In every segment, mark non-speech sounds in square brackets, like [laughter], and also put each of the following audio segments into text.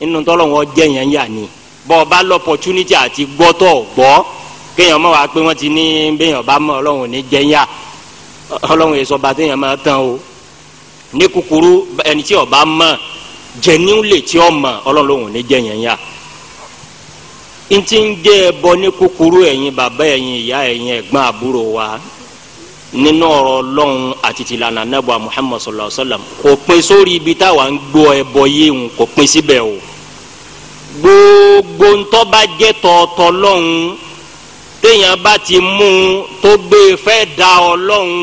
nínú tọ́lọ́wọ́ jẹ́ yẹn yà ni bọ́ ọ bá lọ àti gbọ́tọ̀ gbọ́ kéèyàn mọ̀ wá pé wọ́n ti ní béèyàn bá mọ̀ ọlọ́run ní jẹ́ yà ọlọ́run èso bá téèyàn máa tán o tí ọba mọ̀ lè tí ọ mọ̀ ọlọ́run ní jẹ́ yẹn ẹ bọ ní ẹ̀yin bàbá ẹ̀yin ìyá ẹ̀yin ẹ̀gbọ́n wa nínú ọ̀rọ̀ ọlọ́run àti tìlànà nàbọ̀ sallallahu alaihi kò pin sórí ibi táwa ń gbọ́ o gbogbo ntọ́ bá jẹ́ tọ̀ọ̀tọ̀ lọ́hùn téèyàn bá ti mú un tó gbé e fẹ́ da ọ lọ́hùn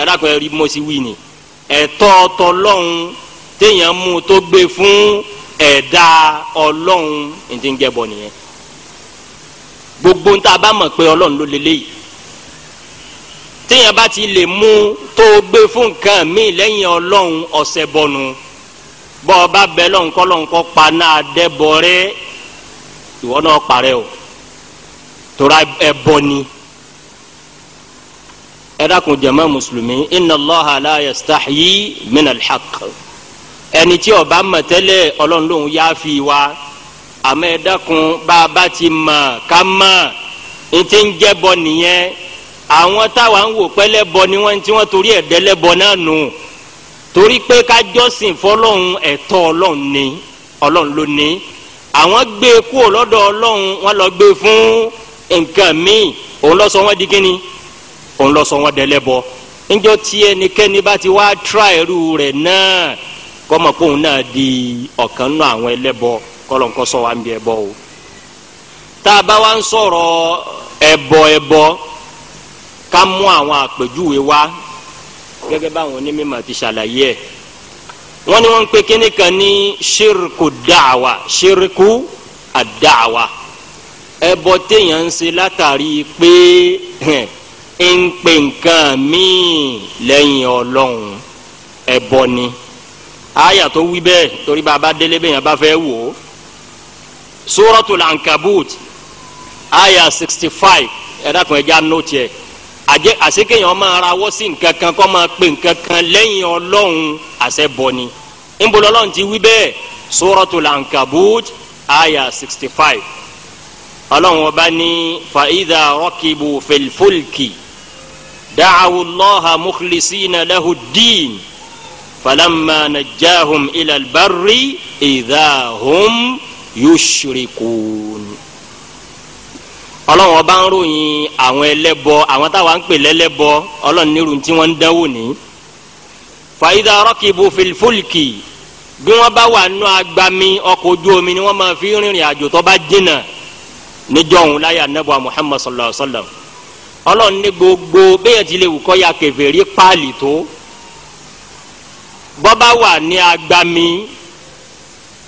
ẹ̀rọ àpẹẹrẹ mo sì wí ni ẹ̀tọ́ ọ̀tọ̀ lọ́hùn téèyàn mú un tó gbé e fún ẹ̀dá ọlọ́hun ẹ̀dí ń jẹ́bọ nìyẹn gbogbo ntọ́ bá mọ̀ pé ọlọ́hun ló lélẹ́yìí téèyàn bá ti lè mú tó gbé e fún nǹkan míì lẹ́yìn ọlọ́hun ọ̀sẹ̀ bọ̀nù. bọ́ ọ bá bẹ lọ́nkọ́ lọ́nkọ́ pa náà dẹ́bọ̀rẹ́ ìwọ náà parẹ́ o tora ẹbọ ni ẹ dákun mùsùlùmí inna Allaha la yastahyi min al ẹni tí ọba bá mọ̀ yá fi wa àmọ́ a bá ti mọ̀ ká mọ̀ n ti ń jẹ́bọ nìyẹn àwọn torí pé kájọ́sìn fọlọ́run ẹ̀tọ́ ọlọ́run ni ọlọ́run ló ní àwọn gbé e kúrò lọ́dọ̀ ọlọ́run wọn lọ gbé e fún nǹkan míì òun lọ sọ wọn di kíni òun lọ sọ wọn dẹlẹ́bọ níjọ́ tí ẹnikẹ́ni bá ti wá tíra ẹrú rẹ̀ náà kọ́mọ kóun náà di ọ̀kan nù àwọn ẹlẹ́bọ kọ́lọ́nkọ́ sọ wa ń bí ẹbọ o tá a bá wá ń sọ̀rọ̀ ẹbọ ẹbọ ká mú àwọn àpèjúwe wá gẹ́gẹ́ báwọn onímọ̀ ti ṣàlàyé ẹ̀ wọ́n ní wọ́n ń pe kínní kan ní ṣírkù dàwa ṣírkù àdàwa ẹbọ téèyàn ń ṣe látàrí pé ń pe nǹkan míì lẹ́yìn ọlọ́run ẹbọ ni àyà tó wí bẹ́ẹ̀ torí bá a bá délé bẹ́ẹ̀ yẹn bá fẹ́ wò ó Suratul Ankabut àyà sixty five ẹ̀dá kan ẹja nóòtì ẹ̀ àjẹ àsekéyàn máa rawọ́ sí nǹkan kan kọ́ máa pè nǹkan kan lẹ́yìn ọlọ́run àṣẹ bọ ni ńbọlọ́lọ́run ti wí bẹ́ẹ̀ Suratul Ankabut aya sixty five ọlọ́run ọba ní fa idha rakibu fil fulki da'awu Allaha mukhlisina lahu ddin falamma najjahum ilal barri idha hum ọlọ́run ọba ń ròyìn àwọn ẹlẹ́bọ àwọn táwa ń pè lẹ́lẹ́bọ ọlọ́run nírú tí wọ́n ń dánwò ní. fàyídà rọ́kìbù fìlfúlìkì bí wọ́n bá wà nù agbami ọkọ̀ ojú omi ni wọ́n máa fi rìnrìn àjò tó bá jìnnà níjọ́hún láyà nẹ́bọ̀ Muhammad sallallahu alayhi wa sallam ọlọ́run ní gbogbo bẹ́ẹ̀ ti lè wù kọ́ ya kèfèrí páàlì tó bọ́bá wà ní agbami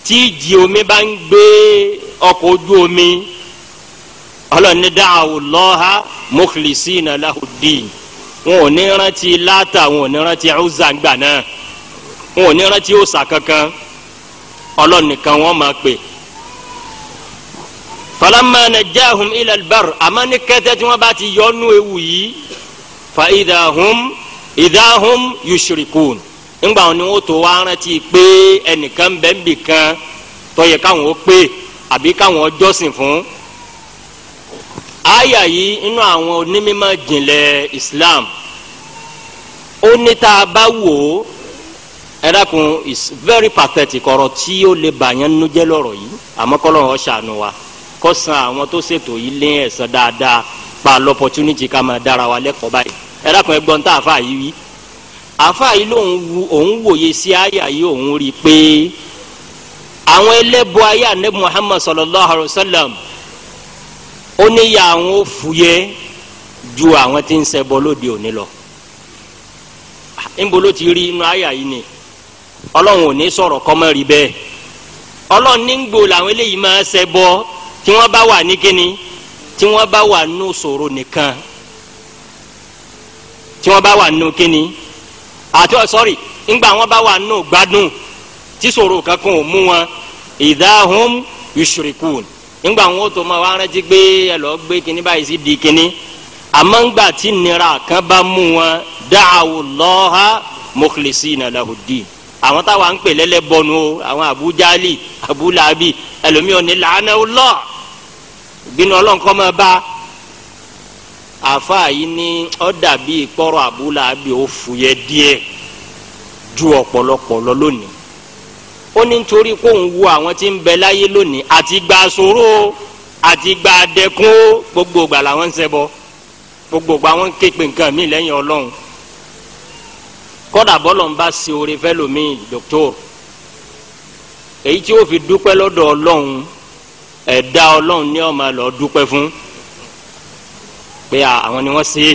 tí ìjì omi bá ń gbé ọkọ̀ ojú omi ọlọ́ni da'awu Allaha mukhlisina lahud-din wọn ò ní rántí láta wọn ò ní rántí ọ̀zà gbà náà wọn ò ní rántí ọ̀sà kankan ọlọ́nìkan wọn máa pè. falamma najjahum ila al-barr àmọ́ tí wọ́n bá ti yọ ewu yìí fa idahum idahum yushrikun ńgbà wọn ni wọn tó wá rántí pé ẹnìkan bẹ́ẹ̀ bì kan káwọn ó pè àbí káwọn jọ́sìn fún àyà yìí inú àwọn onímọ̀ jìnlẹ̀ Islam ó ní tá a bá wò ó ẹ dákun is very pathetic ọ̀rọ̀ tí ó lè bàyàn nínú jẹ́ lọ́rọ̀ yìí àmọ́ kọ́lọ́run ó ṣàánú wa kó san àwọn tó ṣètò yìí lé ẹ̀san dáadáa pa l'opportunity ká máa dára wa lẹ́kọ̀ọ́ báyìí ẹ dákun ẹgbọ́n tá àfa yìí wí àfa yìí lòun wu òun wòye sí àyà yìí òun rí i pé àwọn ẹlẹ́bọ ayé anabi Muhammad sallallahu alayhi wa sallam ó níyà àwọn ó fúyẹ́ ju àwọn tí ń ṣẹbọ lóde òní lọ níbo ló ti rí inú àyà yìí ni ọlọ́run ò ní sọ̀rọ̀ kọ́mọ́ rí bẹ́ẹ̀ ọlọ́run ní làwọn eléyìí máa ṣẹbọ tí wọ́n bá wà ní kíni tí wọ́n bá wà nù sòro nìkan tí wọ́n bá wà nù kíni àti ọ sọ́rí ńgbà wọ́n bá wà nù gbádùn tí sòro kankan ò mú wọn ìdáhùn yushrikun nígbà wọn tó ma wá rántí pé ẹ lọ gbé kíní báyìí sí di kíní àmọ́ ńgbà tí nira kan bá mú wọn da'awu Allaha mukhlisina lahu ddin àwọn táwa ń pè lẹ́lẹ́ bọnu o àwọn Abu Jali Abu Lahabi ẹlòmíràn ní la'ana Allah gbinu ọlọ́nkọ́ bá àfa yìí ní ọ ìkpọ́rọ̀ Abu ó fúyẹ́ díẹ̀ ju ọ̀pọ̀lọpọ̀ lọ lónìí ó ní nítorí kóun wo àwọn tí ń bẹ láyé lónìí àti gba sòro àti gba dẹkùn gbogbo ìgbà làwọn ń ṣẹbọ gbogbo ìgbà wọn ń ké pe nǹkan mi lẹ́yìn Ọlọ́run kódà bọ́lọ̀ ń bá ṣe oore fẹ́ lómi dọ́kítọ́rù èyí tí ó fi dúpẹ́ lọ́dọ̀ Ọlọ́run ẹ̀dá Ọlọ́run ní ọmọ lọ dúpẹ́ fún pé àwọn ni wọ́n ṣe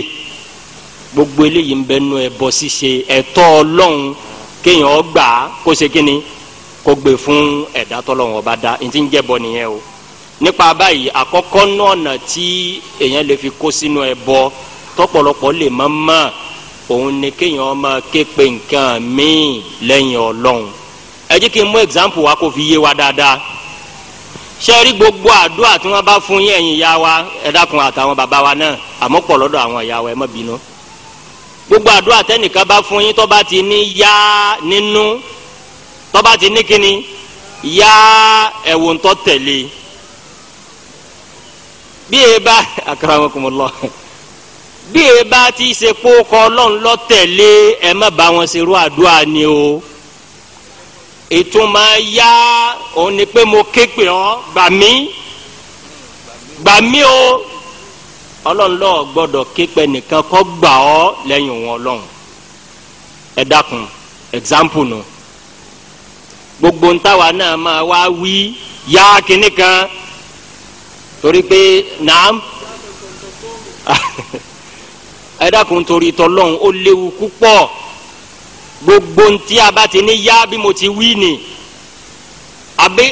gbogbo eléyìí ń bẹ nú ẹbọ ṣíṣe ẹ̀tọ́ Ọlọ́run kéèyàn ọgbà kó ṣe kínni kó gbé fún ẹ̀dá tọ́lọ́wọ́n bá dá ntí ń jẹ́bọ nìyẹn o nípa báyìí àkọ́kọ́ náà nà tí èèyàn lè fi kó sínú ẹbọ tọ́pọ̀lọpọ̀ lè má má òun ni kéèyàn máa ké pe nǹkan míì lẹ́yìn ọlọ́run ẹ jẹ́ kí n mú example wa kó fi yé wa dáadáa ṣe rí gbogbo àdúrà tí wọ́n bá fún yín ẹ̀yin ìyá wa ẹ dákun àtàwọn bàbá wa náà àmọ́ pọ̀ lọ́dọ̀ àwọn ìyá wa ẹ má bínú gbogbo àdúrà tẹ́nìkan bá fún yín tó bá ti ní yá nínú tọ́ba ti ní kíni yá ẹ̀wò ńtọ́ tẹ̀lé bí e bá [laughs] akramakumullah bí e bá ti ṣe kó kọ́ ọlọ́run lọ tẹ̀lé ẹ má bá wọn ṣerú àdúrà ni o ìtumọ̀ yá òun ni pé mo ké pè ọ́ gbà mí gbà mí o ọlọ́run lọ́ọ̀ gbọ́dọ̀ ké pẹ́ nìkan kọ́ gbà ọ́ lẹ́yìn òun ọlọ́run ẹ dákun example nù. No gbogbo ntawa náà máa wá wí yá kínní kan torí pé nàám [laughs] ẹ dákun torí tọlọ́hún ó léwu púpọ̀ gbogbo ntí a bá ti ní yá bí mo ti wí ni àbí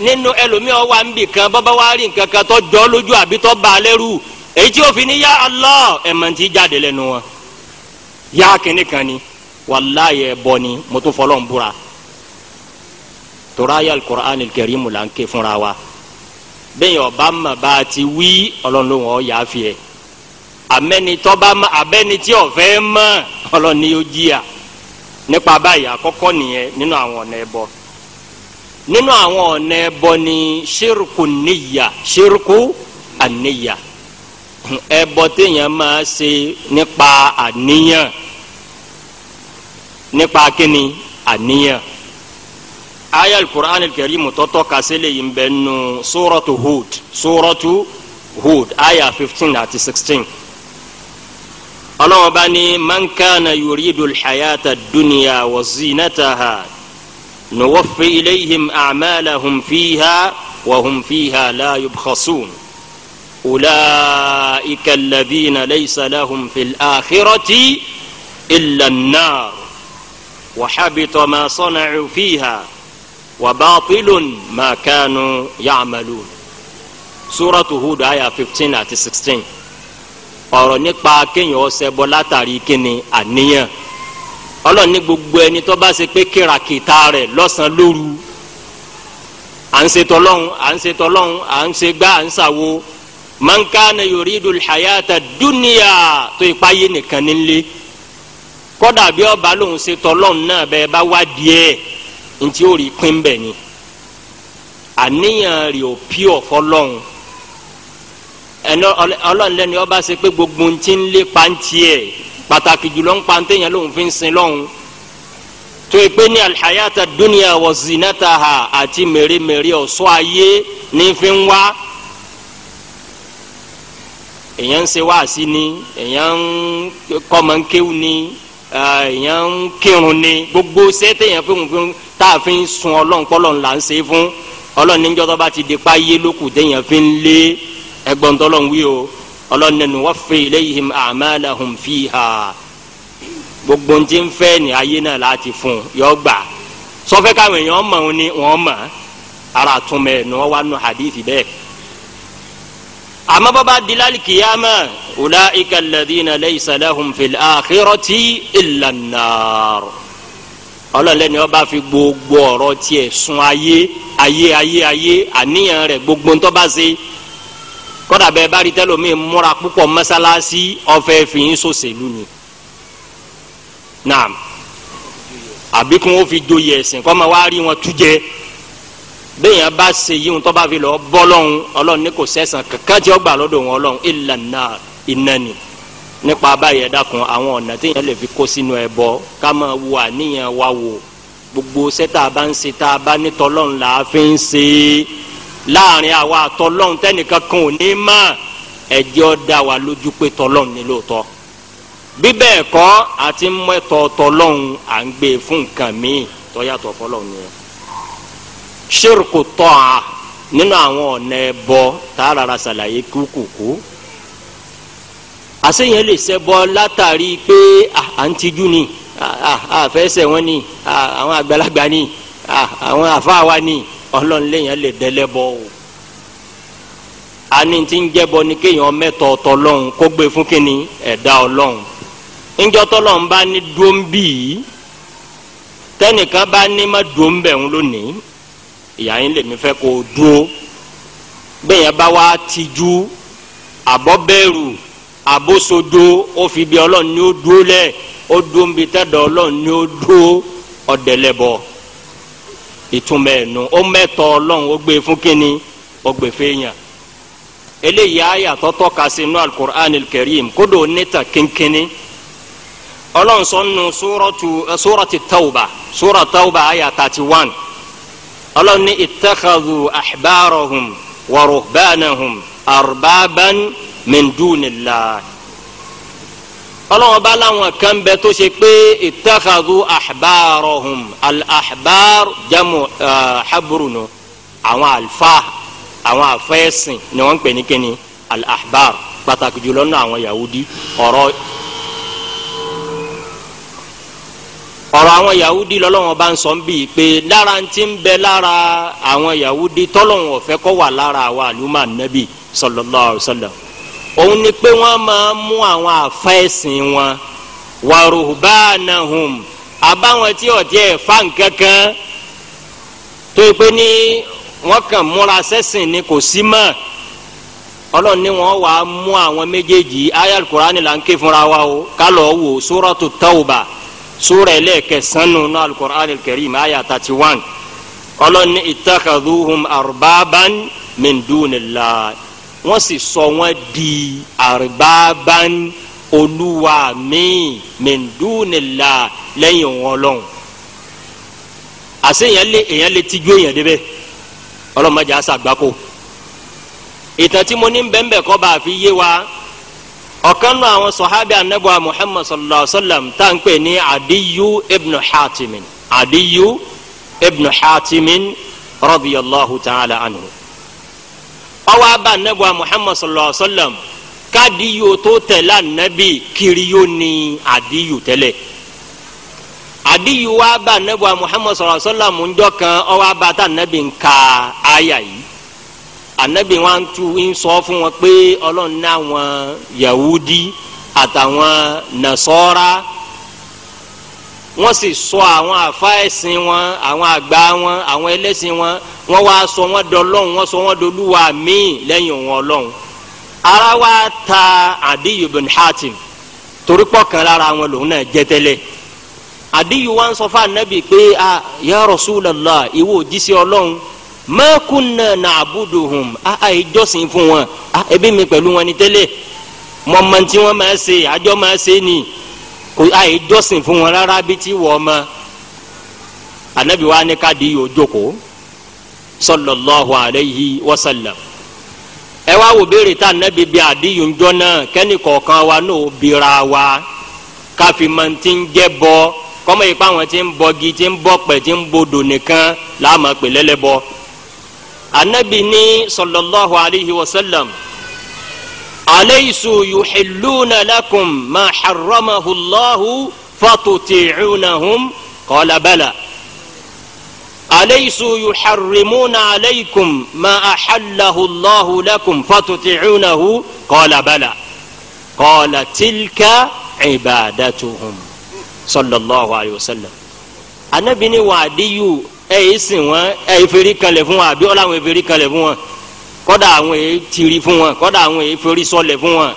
nínú ẹlòmíràn wà níbì kan bọ́bá wa rí nǹkan kan tó jọ lójú àbí tó bá a lẹ́rù èyí tí ó fi ní yá Allah ẹ̀mọ̀ tí jáde lẹ́nu wọn yá kínní kan ni wàláyé ẹ̀ bọ́ ni mo tún fọlọ́ ń búra. toraya alukur'an kẹrìmù la ń ké fúnra wa bẹ́ẹ̀ ọba mà bá a ti wí ọlọ́run ọ̀ yà á fi ẹ̀ amẹ́nitọ́ba ma abẹ́nití ọ̀fẹ́ mọ́ ọlọ́ni yóò jìyà nípa báyìí àkọ́kọ́ nìyẹn nínú àwọn ọ̀nà ẹ̀bọ nínú àwọn ọ̀nà ẹ̀bọ ni ṣírùkù níyà ṣírùkù àníyà ẹ̀bọ téèyàn máa ṣe nípa àníyàn nípa kíni àníyàn. aya alukur'an kẹrìmù tọ́tọ́ kásílẹ̀ yìí ń bẹ nù suratu Hud suratu Hud aya fifteen àti sixteen ọlọ́wọ́n bá ní man kana yuridu alhayata dunya wa zinataha nuwaffi ilayhim a'malahum fiha wa hum fiha la yubkhasun أولئك الذين ليس لهم في الآخرة إلا النار وحبط ما صنعوا فيها wa baatilun ma kanu ya'malun suratu Hud aya fifteen àti sixteen ọ̀rọ̀ nípa kéèyàn ọ̀sẹ̀ bọ́ látàrí kíni àníyàn ọlọ́run ní gbogbo ẹni tó bá ṣe pé kíràkìtà rẹ̀ lọ́sàn-án lóru à ń ṣe tọ́lọ́hún à ń ṣe tọ́lọ́hún à ń ṣe gbá à ń ṣàwo man kana yuridul hayata dunya tó ipa nìkan nílé kódà bí ọba lòun ṣe tọ́lọ́hún náà bẹ́ẹ̀ bá wá díẹ̀ ntí ó rí pín bẹ́ẹ̀ ni àníyàn rẹ̀ ò pure fọlọ́n ẹnọ ọlọ́ọ̀lẹ́ni ọba ṣe pé gbogbo ntí ń lé pàǹtí ẹ̀ pàtàkì jùlọ ń pàǹtí yẹn lòun fi ń sin lọ́hùn To e pé ní alihayata dunia wọ zinata ha àti mèremère ọ̀ṣọ́ ayé ní fi ń wá èèyàn ń ṣe wáàsí ni èèyàn ń kọ́ mọ́ ń kéwù ni èèyàn ń kírun ni gbogbo sẹ́tẹ̀ yẹn fún un tá a fi ń sun ọlọ́run pọ́lọ́ ńlá ń ṣe fún ọlọ́run níjọ́ tó bá ti di pa yé lókù téèyàn fi ń lé ẹgbọ́n tọ́lọ́run wí o ọlọ́run nínú wọ́n fẹ́ ilayhim a'malahum fiha gbogbo ntí ń fẹ́ ní ayé náà láti fún yọ gbà sọfẹ́ káwọn èèyàn mọ̀ ọ́n ni wọ́n mọ̀ ara tún mẹ́ẹ̀ ní wọ́n wá nù hadith bẹ́ẹ̀ àmọ́ bàbá dilali kìyàmà ulaika alladhina laysa lahum fil akhirati illa an-nar ọlọ́lẹ́ni ọba fi gbogbo ọ̀rọ̀ tiẹ̀ sun ayé ayé ayé ayé àníyàn rẹ̀ gbogbo ń tọ́ba ṣe kọ́dà bẹ́ẹ̀ bá rí tẹ́lómi múra púpọ̀ mọ́sálásí ọ̀fẹ́ fi ń sòṣèlú ni. naam àbíkún ó fi joyè ẹ̀sìn kọ́ ma wá rí wọn tú jẹ́ bẹ́ẹ̀yàn bá ṣe yíwọn tó bá fi lọ bọ́ lọ́hùn ọlọ́run ní kò sẹ́sàn kankan tí ó gbà lọ́dọ̀ wọn ọlọ́run ìlànà ìnani nípa báyẹn dákun àwọn ọ̀nà tí yẹn lè fi kó sínú ẹbọ ká máa wo àníyàn wa wò gbogbo sẹ́tà bá ń ṣe tá a bá ní tọ́lọ́run là á fi ń ṣe láàrin àwa àtọ́lọ́run tẹ́nìkan kan ò ní mọ̀ ẹjọ́ dá wa lójú pé tọ́lọ́run ni lóòótọ́ bí bẹ́ẹ̀ kọ́ àti mẹ́tọ́ tọ́lọ́run à ń gbé fún nǹkan míì tó yàtọ̀ fọlọ́run nìyẹn ṣírkù tọ́a nínú àwọn ọ̀nà ẹ̀bọ tààràrà ṣàlàyé kúkúkú àṣeyàn lè ṣẹbọ látàrí pé à ni àfẹsẹ̀ wọn ni àwọn àgbàlagbà ni àwọn àfáàwa ni ọlọ́nlẹ́yìn lè dẹ́lẹ́bọ o ani ti ń jẹ́bọ ni kéèyàn mẹ́tọ̀ ọ̀tọ̀ lọ́hùn kó gbé fún kínní ẹ̀dá ọlọ́hùn ńjọ́ tọ́lọ́hùn bá ní dúró ń bì í tẹ́nìkan bá ní má dúró ń bẹ̀ ń lónìí ìyá yín lèmi fẹ́ kó o dúró bẹ́ẹ̀ yẹn bá wá tijú àbọ̀bẹ̀rù àbósodo ó fi bí ọlọ́run ní ó dúró lẹ̀ ó dúró níbi tẹ́dọ̀ ọlọ́run ní ó dúró ọ̀dẹ̀lẹ̀bọ̀ ìtumọ̀ ẹ̀nu ó mẹ́tọ̀ ọlọ́run ó gbé e fún kínní ó gbé e fẹ́yàn eléyìí àyà tọ́ka sí inú alukur'an kẹrìm kódò níta kínkínní ọlọ́run sọ nù súrọ̀tì tawba súrọ̀ tawba àyà thirty one ọlọ́run ní ittakhadhu ahbarahum wa ruhbanahum arbaban min dunillah ọlọ́run bá láwọn kan bẹ tó ṣe pé ittakhadhu ahbarahum al-ahbar jamu habrunu àwọn alfa àwọn afẹ́sìn ni wọ́n ń pè ní kíni al pàtàkì jùlọ náà àwọn yahudi ọ̀rọ̀ ọ̀rọ̀ àwọn yahudi lọ́lọ́wọ́n bá ń sọ bí i pé lára ti ń bẹ lára àwọn yahudi tọ́lọ́wọ́n ọ̀fẹ́ kọ́ wà lára àwọn àlùmọ́ ànábì sallallahu alaihi òun ni pé wọ́n máa ń mú àwọn àfa ẹ̀sìn wọn wa ruhbanahum àbáwọn tí ọ̀tí ẹ̀ fa nǹkan kan tó yẹ pé ní wọ́n kàn múra sẹ́sìn ni kò sí mọ́ ọlọ́run ni wọ́n wàá mú àwọn méjèèjì ayal Qur'ani là ń ké fúnra wa o ká lọ́ọ́ wò suratu Tawbah sura ẹlẹ́ẹ̀kẹsánnu ní al-Qur'an al-Karim aya thirty one ọlọ́ni ittakhadhuhum arbaban min dunillah wọ́n sì sọ wọ́n di arbaban olúwa mi min dunillah lẹ́yìn wọn lọ́hùn àṣẹ yẹn lé èyàn lè tijú èyàn débẹ̀ ọlọ́mọdé àṣà gbáko ìtàn tí mo ní bẹ́ẹ̀ bẹ́ẹ̀ kọ́ bá a fi yé wa ọ̀kan náà àwọn sọ̀hábì anábọ̀à muhammad sallallahu alayhi wa sallam tá n pè ní adiyu ibnu hatimin adiyu ibnu hatimin radiyallahu ta'ala anhu ọwọ́ abá anábọ̀à muhammad sallallahu alayhi wa sallam kadiyu tó tẹ̀lé anabi kiriyo ni adiyu tẹ́lẹ̀ adiyu wa bá anábọ̀à muhammad sallallahu alayhi wa sallam ń jọ kan ọwọ́ abá tá anabi ń ka aya anabi wọn tu ń sọ fún wọn pé ọlọ́run náà wọn yahudi àtàwọn nasọ́ra wọ́n sì sọ àwọn àfa ẹ̀sìn wọn àwọn àgbà wọn àwọn ẹlẹ́sìn wọn wọ́n wá sọ wọ́n dọlọ́run wọ́n sọ wọ́n dolúwa míì lẹ́yìn wọn ọlọ́run ara wa ta Adiyu bin Hatim torí pọ̀ kan lára wọn lòun náà jẹ́ tẹ́lẹ̀ Adiyu wa ń sọ fún anabi pé ah ya Rasulallah ìwọ òjíṣẹ́ ọlọ́run. ma kunna na'buduhum a a fún wọn a ebi mi pẹ̀lú wọn ni tẹ́lẹ̀ mọ̀mọ́ntì wọn máa ṣe àjọ máa ṣe ni kò a yi fún wọn rárá bí ti wọ̀ ma anabi wa ni di yóò jókòó sallallahu alayhi wa sallam ẹ wá wò béèrè tá anabi bí àdìyún jọ náà kẹ́ni kọ̀ọ̀kan wa n'o bira wa káfí mọ̀ntì ń jẹ́ bọ́ kọ́mọ yìí pa àwọn tí ń bọ gi tí ń bọ pẹ̀ tí ń bodò nìkan láàmú pè النبي صلى الله عليه وسلم أليس يحلون لكم ما حرمه الله فتطيعونهم قال بلى أليس يحرمون عليكم ما أحله الله لكم فتطيعونه قال بلى قال تلك عبادتهم صلى الله عليه وسلم أنا بني وعدي ẹ yìí sìn wọn ẹ yìí feri kanlẹ̀ fún wọn àbí ọlọ́wọ́n feri kanlẹ̀ fún wọn kọ́dà àwọn èyí tiri fún wọn kọ́dà àwọn èyí feri sọlẹ̀ fún wọn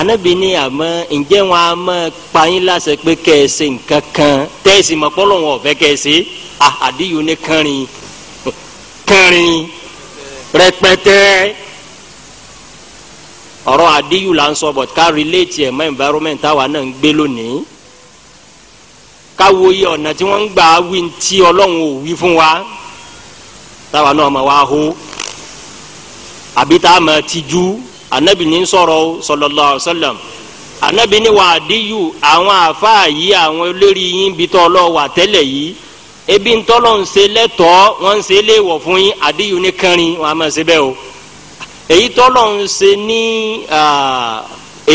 anabi ni àmọ́ ǹjẹ́ wọn a mọ̀ pààyàn láṣẹ pé kẹ́ẹ̀sì nǹkan kan tẹ́ẹ̀sì mọ̀pọ́lọ́ wọn ọ̀fẹ́ kẹ́ẹ̀sì ah, àdìyó ní kẹrin kẹrin rẹpẹtẹ ọ̀rọ̀ àdìyó là ń sọ bọ̀ ká relate ẹ̀ mọ́ environment táwa náà ń gbé lónìí káwo yẹ ọ̀nà tí wọ́n ń gbà wí ti ọlọ́run ò wí fún wa táwa náà ma wá hó àbí tá a ma tijú anabi ní sọ̀rọ̀ sallallahu alaihi wasallam anabi ní wàá díyù àwọn àfáà yìí àwọn olórí yín bí tọ́ ọlọ́ wà tẹ́lẹ̀ yìí ebi ntọ́lọ̀ ń ṣe lẹ́tọ̀ọ́ wọ́n ń ṣe léèwọ̀ fún yín àdíyù ní kẹrin wọn a ma ṣe bẹ́ẹ̀ o èyí tọ́lọ̀ ń ṣe ní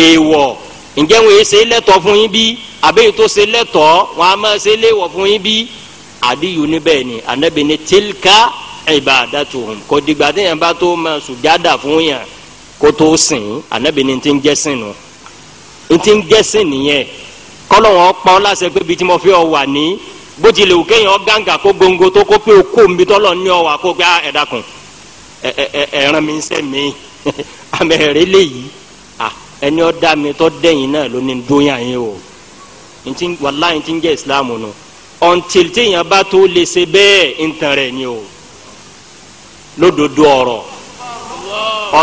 èèwọ̀. Uh, ǹjẹ́ wọn ṣe lẹ́tọ̀ fún yín bí àbẹ́yìí tó ṣe lẹ́tọ̀ wọn a máa ṣe léwọ̀ fún yín bí àdìyù níbẹ̀ ni anabi ni tilka ibadatuhum kò dìgbà tí yẹn bá tó máa sùjádà fún yẹn kó tó sìn anabi ni ti ń jẹ́ sìn nù ti ń jẹ́ sìn nìyẹn kọ́lọ̀ wọn pa ọ́ pé bíi tí mo fi ọ wà ní bó tilẹ̀ òkè yẹn ọ̀gáǹgà kó gbòǹgò tó kó pé okó mi tọ́lọ̀ ní ọ wà kó gbá ah, ẹ̀dá kun ẹ̀ẹ̀ẹ̀ẹ̀ràn mi ń sẹ́ mi [laughs] àmì ẹ̀rẹ́ léyìí ẹni ọ̀dà mi tọ́ dẹ́yìn náà ló ní dóyà yín o ntí wàláyé ntí ń jẹ́ ìsìláàmù nù until téèyàn bá tó lè ṣe bẹ́ẹ̀ ntàn rẹ̀ ni o lódodo ọ̀rọ̀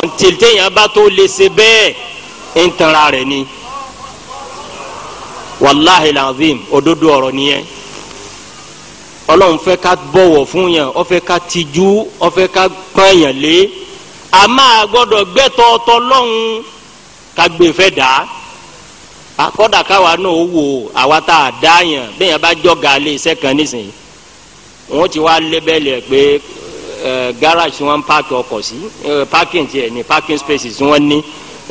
until téèyàn bá tó lè ṣe bẹ́ẹ̀ ntàn rẹ̀ ni wàláhì làzim òdodo ọ̀rọ̀ nìyẹn ọlọ́run fẹ́ ká bọ̀wọ̀ fún yàn ó fẹ́ ká tijú ó fẹ́ ká pọ́n yàn lé àmọ́ àgbọ́dọ̀ gbẹ́tọ̀ ọ̀tọ̀ lọ́hùn-ún kagbe fẹ́ dà akọ́dà káwa náà ó wò àwa tá a dá yàn bẹ́ẹ̀ yẹn bá jọ́ga lé iṣẹ́ kan nísìnyí wọ́n ti wá lébẹ́lì ẹ̀ pé garage wọn paaki ọkọ̀ sí parking tiẹ̀ ní parking spaces wọ́n ní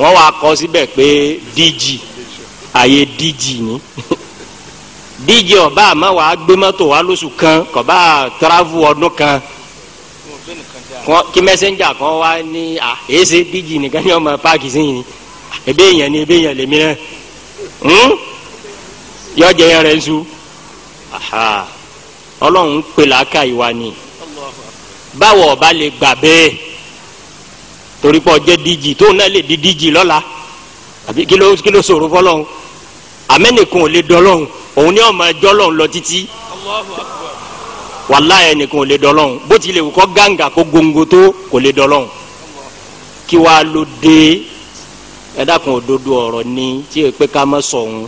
wọ́n wá kọ́ síbẹ̀ pé DG àyè DG ni [laughs] DG ọba àmọ́ wàá gbé mọ́tò wá lóṣù kan kọ̀bá travel ọdún kan kí mẹ́sẹ̀njà kan wá ní à èsè DG nìkan ní ọmọ paaki sí yìí ebe yẹn ni ebe yẹn lèmi rẹ hmm? yọ jẹ yẹn rẹ ń su ọlọ́run pè láàkà ìwà ni báwo ọba lè gbà bẹ́ẹ̀ torí pé ọjẹ́ díjì tóun náà lè di díjì lọ́la àbí kí ló kí ló sọ̀rọ̀ fọlọ́run amẹ́nìkan ò lè dọ́lọ́run òun ni ọmọ ẹjọ́ lọ́run lọ títí wàláyé ẹnìkan ò lè dọ́lọ́run bó tilẹ̀ wù kọ́ gáǹgà kó gongo tó kò lè dọ́lọ́run kí wàá ló dé ẹ dákun òdodo ọ̀rọ̀ ni tí èpè ká mọ́ sọ̀hún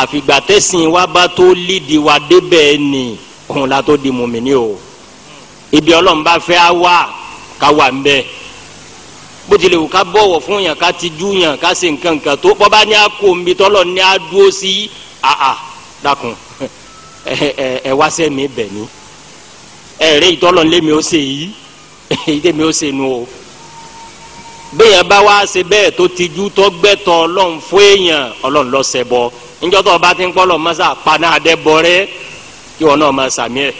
àfìgbà tẹ̀sìn wa bá tó lídìí wa débẹ̀ ni òun la tó di mùmíní o ibi ọlọ́run bá fẹ́ á wà ká wà ń bẹ́ẹ̀ bó tilẹ̀ wù ká bọ̀wọ̀ fún yàn ká tijú yàn ká ṣe nǹkan kan tó bọ́ bá ní a kó mi tọ́lọ̀ ní a dúró sí àà dákun ẹ ẹ ẹ wá sẹ́mi bẹ̀ ni ẹ rẹ ìtọ́lọ̀ lémi ó ṣe yìí èyí tẹ̀mi ó ṣe nu o bẹ́ẹ̀ bá wá ṣe bẹ́ẹ̀ tó tijú tó gbẹ́tọ̀ ọlọ́run fún èèyàn ọlọ́run lọ sẹ́ bọ́ níjọ́ tó o bá ti ń pọ́ lọ mọ́sá paná adẹ́bọ rẹ kí wọn náà máa sàmì ẹ̀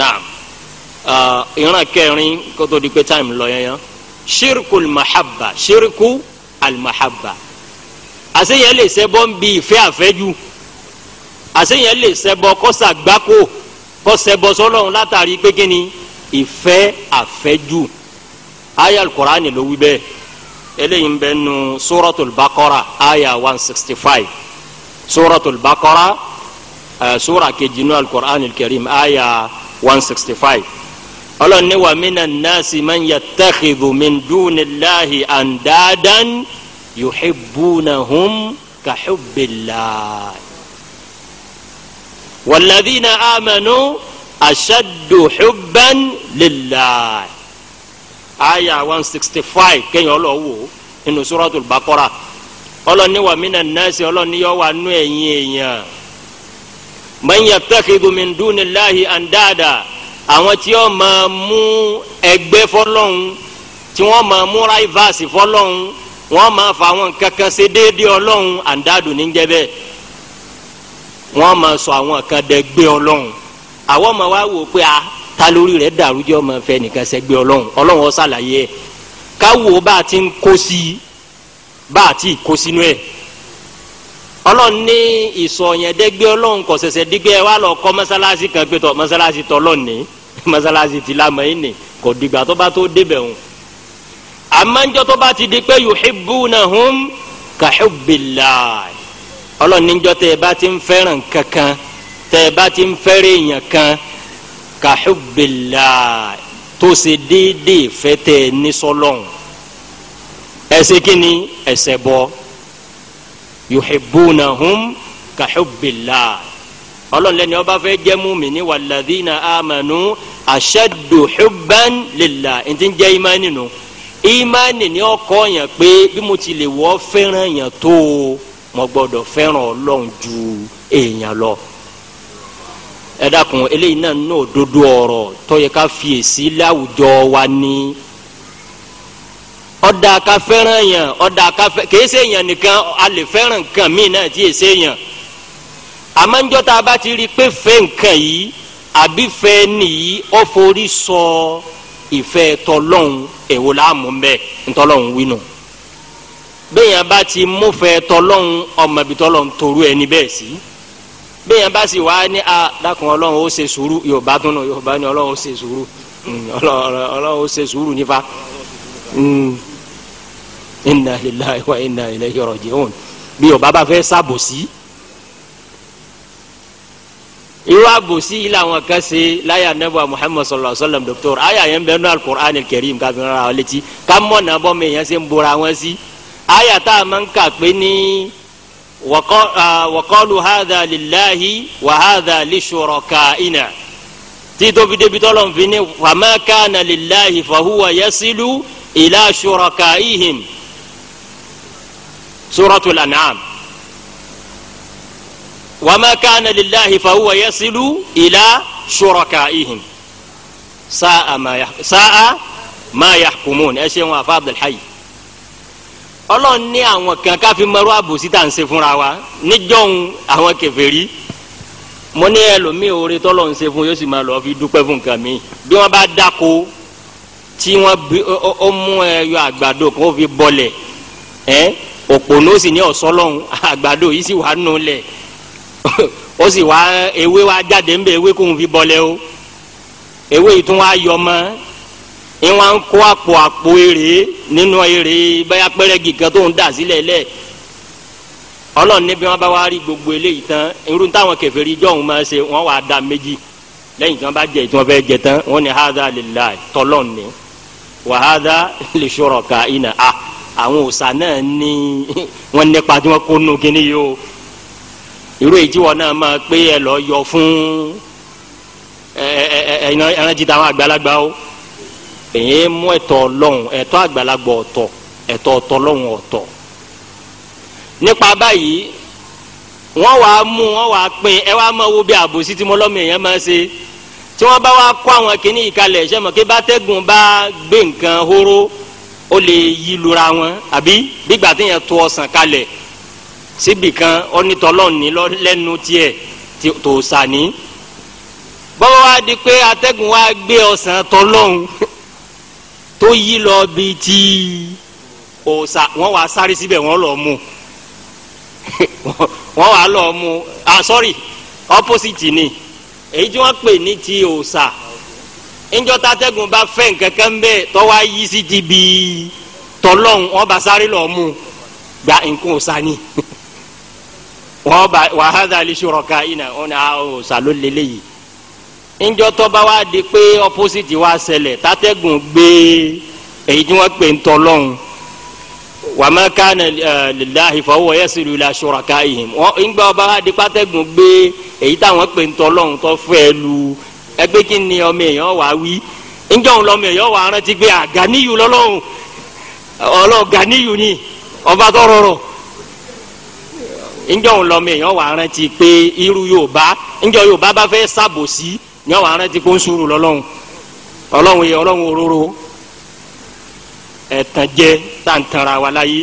náà ìran kẹrin kó tó di pé táìmù lọ yẹn yẹn ṣírkù almahabba ṣírkù almahabba àṣeyàn lè sẹ́bọ́ ń bi ìfẹ́ àfẹ́jù àṣeyàn lè sẹ́bọ́ kọ́sàgbákò kọ́sẹ́bọ́ sọlọ́run látàrí pé kíni ìfẹ́ àfẹ́jù. So aya alukur'ani ló wí bẹ́ẹ̀ eléyìí ń bẹ nu suratul bakora aya one sixty five suratul bakora uh, sura kejì nu alukur'ani karim aya one sixty five ọlọ́run ní wa mina nasi man yattakhidhu min dunillahi andadan yuhibbunahum ka hubbillah walladhina amanu ashaddu hubban lillah aya one sixty five kéèyàn lọ wò nínú suratul baqara ọlọ́ni wà mí nàá nẹ́ẹ̀sì ọlọ́ni yọ wà nú ẹ̀yìn èèyàn man yattakhidhu min andada àwọn tí wọ́n máa mú ẹgbẹ́ fọlọ́hún tí wọ́n máa mú ráìvásì fọlọ́hún wọ́n máa fa àwọn kankan ṣe déédéé ọlọ́hún andadu níjẹ́ bẹ́ẹ̀ wọ́n máa sọ àwọn kan dẹgbẹ́ ọlọ́hún àwọn máa wá wò pé a ah, talórí rẹ̀ dàrújọ́ máa fẹ́ nìkan sẹ́gbẹ́ ọlọ́run ọlọ́run ó ṣàlàyé ẹ̀ káwo bá a ti ń kó sí i bá a ti kó sínú ẹ̀ ọlọ́run ní ìsọ̀ yẹn dẹ́gbẹ́ ọlọ́run kò ṣẹ̀ṣẹ̀ dígbẹ́ wa lọ kọ́ mọ́sálásí kan pé tọ́ mọ́sálásí tọ́lọ́ọ̀ni [laughs] mọ́sálásí ti lámọ̀ yín ni kò dìgbà tó bá tó débẹ̀ òun amanjọ tó bá ti di pé yuhibbunahum ka hubbillah ọlọ́ninjọ tẹ ẹ bá ti ń fẹ́ràn kankan tẹ ẹ bá ti ń fẹ́ràn èèyàn kan kahubila tó ṣe déédéé fẹtẹ nisọlọn ẹsẹ kini ẹsẹ bọ yuhibbunahum kahubila ọlọ́nlẹ́ni ọba fẹ́ jẹ́ mùmínì walladhina amanu ashaddu hubban lillah ntí ń jẹ́ imáni nù imáni ni ọkọ yẹn pé bí mo ti lè wọ́ fẹ́ràn yẹn tó mo gbọ́dọ̀ fẹ́ràn ọlọ́run ju èèyàn lọ ẹ dákun eléyìí náà nínú òdodo ọ̀rọ̀ tó yẹ ká fiyèsí láwùjọ wa ní ọ̀dà ká fẹ́ràn yàn ọ̀dà ká fẹ́ kèé sèyàn nìkan a lè fẹ́ràn nǹkan míì náà tí èsè yàn àmọ́ ń jọ́ta bá ti rí i pé fẹ́ nǹkan yìí àbí fẹ́ nìyí ó forí sọ ìfẹ́ tọlọ́hún èwo láàmú bẹ́ẹ̀ ntọ́lọ́hún wínú bá ti múfẹ́ tọlọ́hún ọmọbi tọlọ́hún torú ẹni bẹ́ẹ̀ sí. Si bẹ́ẹ̀ bá sì wá ní a ah, dákun ọlọ́run ó ṣe sùúrù yorùbá tún nù yorùbá ní ọlọ́run ó ṣe sùúrù hmm, ọlọ́run ó ṣe sùúrù nífa hmm. inna lillahi wa inna ilayhi raji'un bí yorùbá bá fẹ́ sábòsí irú àbòsí yìí làwọn kan ṣe láyà nebà muhammed sallallahu alayhi wa sallam dọ́kítọ́rù ayà yẹn bẹ́ẹ̀ nù alukur'an kẹrìm ká fi rárá ọ létí ká mọ̀ nàbọ́ mi yẹn ṣe ń bora wọn sí ayà tá a máa ń kà pé ní. آه، وقالوا هذا لله وهذا لشركائنا تيدو بدي بتولم فيني فما كان لله فهو يصل إلى شركائهم سورة الأنعام وما كان لله فهو يصل إلى شركائهم ساء ما يحكمون ساء ما يحكمون أشياء فاضل الحي ọlọ́run ní àwọn kan káfí mọ́rú àbòsí tá à ń ṣe fúnra wa níjọ́hun àwọn kèfèrí mo ní ẹlòmíì oore tọ́lọ̀ ń ṣe fún yóò sì máa lọ́ọ́ fi dúpẹ́ fún nǹkan mi bí wọ́n bá dáko tí wọ́n bí ó mú ẹyọ àgbàdo kó fi bọlẹ̀ ẹ́ òpònú sì ní ọ̀sọ́lọ́hún àgbàdo yìí sì wà nù lẹ̀ [laughs] ó sì wá ewé wá jáde ńbẹ ewé kóhun fi bọlẹ̀ o ewé yìí tún wá yọ mọ́ ìwọ̀n ń kó àpò àpò èrè nínú èrè báyà pẹ́rẹ́gì kan tó ń dà sílẹ̀ lẹ̀ ọlọ́run níbi wọn bá wá rí gbogbo eléyìí tán irú táwọn kèfèrí jọ̀hún máa ṣe wọ́n wàá da méjì lẹ́yìn tí wọ́n bá jẹ tí wọ́n fẹ́ jẹ tán wọ́n ní hadha lillahi tọ́lọ́n ni wa hadha li shurakaina a àwọn òòsà náà ní wọ́n nípa tí wọ́n kó nù kíní yìí o irú èyí tí wọn náà máa pé ẹ lọ yọ fún ẹ ẹ ẹ ẹran jíta àwọn àgbàlagbà o èyí mú ẹ̀tọ́ Ọlọ́run ẹ̀tọ́ àgbàlagbà ọ̀tọ̀ ẹ̀tọ́ ọ̀tọ̀ Ọlọ́run ọ̀tọ̀ nípa báyìí wọ́n wàá mú wọ́n wàá pín ẹ wàá máa wo bí àbòsí tí mo lọ́mọ èèyàn máa ṣe tí wọ́n bá wá kó àwọn kìíní ìkalẹ̀ ṣe mọ̀ kí bátẹ́gùn bá gbé nǹkan hóró ó lè yí lura wọn àbí gbígbà tí yẹn tó ọsàn kalẹ̀ síbì kan ọ́nitọ́lọ́ọ̀ni lẹ́nu tiẹ̀ tó sàní bọ́wọ́ wá di pé atẹ́gùn wá gbé ọsàn tọ́lọ́hún tó yí lọ bi tí òòsà wọn wà sáré síbẹ̀ wọn lọ mú [laughs] wọn wà lọ ah, opposite ni èyí tí wọn pè ní ti òòsà bá fẹ́ yí sí ti bí tọ́lọ́hún wọn bá sáré lọ mú gba [laughs] ńjọ́ tó bá wá di pé opposite wá ṣẹlẹ̀ tátẹ́gùn gbé èyí tí wọ́n pè ń tọ́ lọ́hùn wa ma kana eh, lillahi fa huwa yasilu ila shurakaihim ńgbà ọba wá di pátẹ́gùn gbé èyí táwọn pè ń tọ́ lọ́hùn tó fẹ́ lu ẹgbẹ́ kí ni ọmọ èèyàn wá wí ńjọ́ òun lọ́mọ èèyàn wá rántí pé àgàníyù lọ́lọ́hùn ọlọ́gàníyù ni ọba tó rọrọ̀ ńjọ́ òun lọ́mọ èèyàn wá rántí pé irú Yorùbá ńjọ́ Yorùbá bá fẹ́ ṣàbòsí. Si ní ọwọ́ arẹ ti kó ń sùúrù lọ́lọ́run ọlọ́run yẹ ọlọ́run òróró ẹ̀tàn jẹ tàǹtàrà wà láyé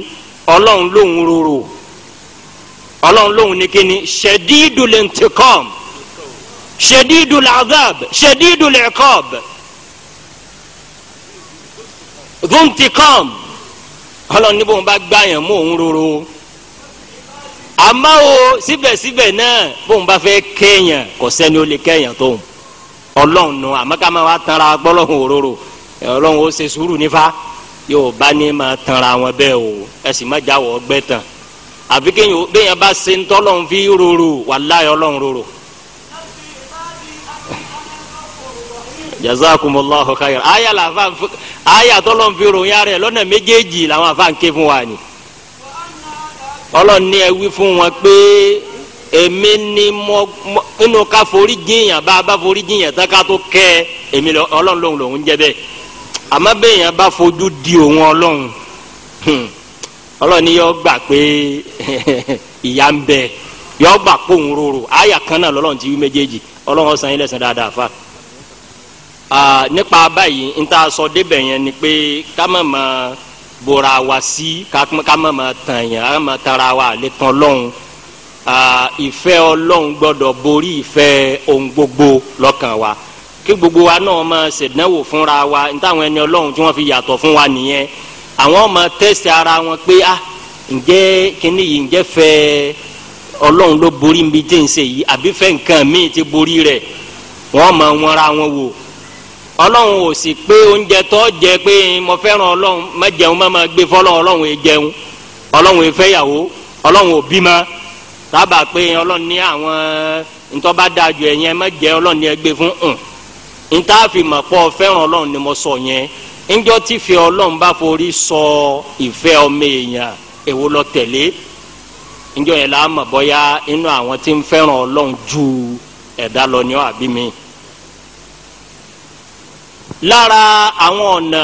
ọlọ́run lòun òróró ọlọ́run lòun ní kíni shadidul intiqam shadidul azab shadidul iqab dhuntiqam ọlọ́run níbo ń bá gbàyàn mú òun òróró àmọ́ o síbẹ̀síbẹ̀ náà bóun bá fẹ́ kéèyàn kò sẹ́ni ó lè kéèyàn tóun ọlọ́run nù àmọ́ ká máa gbọ́lọ́hùn òróró ọlọ́run ó ṣe sùúrù nífa yóò bá ní ma tanra wọn bẹ́ẹ̀ o ẹ̀sìn má já wọ́ ọgbẹ́ tán àfi bá ṣe ń tọ́lọ́run fi wà wàláyé ọlọ́run rorò. jazakumullahu khayran aya la fa aya tọ́lọ́run fi ròyìn lọ́nà méjèèjì afa ń ké fún wa ni ọlọ́run ní ẹ wí fún èmi ni mo inú ka forí jiyàn bá a bá forí jiyàn tá ká tó kẹ èmi lọ ọlọ́run lòun lòun jẹ bẹ́ẹ̀ àmọ́ bá fojú di òun ọlọ́run hmm, ọlọ́run ni yọ gbà pé [laughs] ìyá ń bẹ yọ gbà pé òun rorò àyà kan náà lọ́lọ́run ti wí méjèèjì ọlọ́run san ilẹ̀ dáadáa nípa báyìí n ta sọ débẹ̀ yẹn ni pé ká mọ̀ bora wa sí ìfẹ́ ọlọ́run gbọ́dọ̀ borí ìfẹ́ ohun gbogbo lọ́kàn wa kí gbogbo wa náà máa ṣèdánwò fúnra wa ní táwọn ẹni ọlọ́run tí wọ́n fi yàtọ̀ fún wa nìyẹn àwọn máa tẹ̀sí ara wọn pé ah ǹjẹ́ kíní yìí ǹjẹ́ fẹ́ ọlọ́run ló borí mi tí ń ṣe yìí àbí fẹ́ nǹkan míì ti borí rẹ̀ wọ́n máa wọn ra wọn wò ọlọ́run ò sì pé oúnjẹ tó jẹ pé mo fẹ́ràn ọlọ́run má jẹun máa gbé fọlọ́ ọlọ́run ẹ jẹun ọlọ́run ẹ fẹ́yàwó ọlọ́run ò bímọ sábà pé ọlọ́run ní àwọn ntọ́ba dájú ẹ̀yìn ẹ má jẹ́ ọlọ́run ní ẹgbẹ́ fún un nta fi mọ̀ pọ̀ fẹ́ràn ọlọ́run ni mo sọ yẹn njọ́ tí fi ọlọ́run bá forí sọ ìfẹ́ ọmọ èèyàn èwo ló tẹ̀lé njọ́ yẹn la mọ̀ bọ́yá inú àwọn tí ń fẹ́ràn ọlọ́run ju ẹ̀dá lọ ni ọ́ àbí mi. lára àwọn ọ̀nà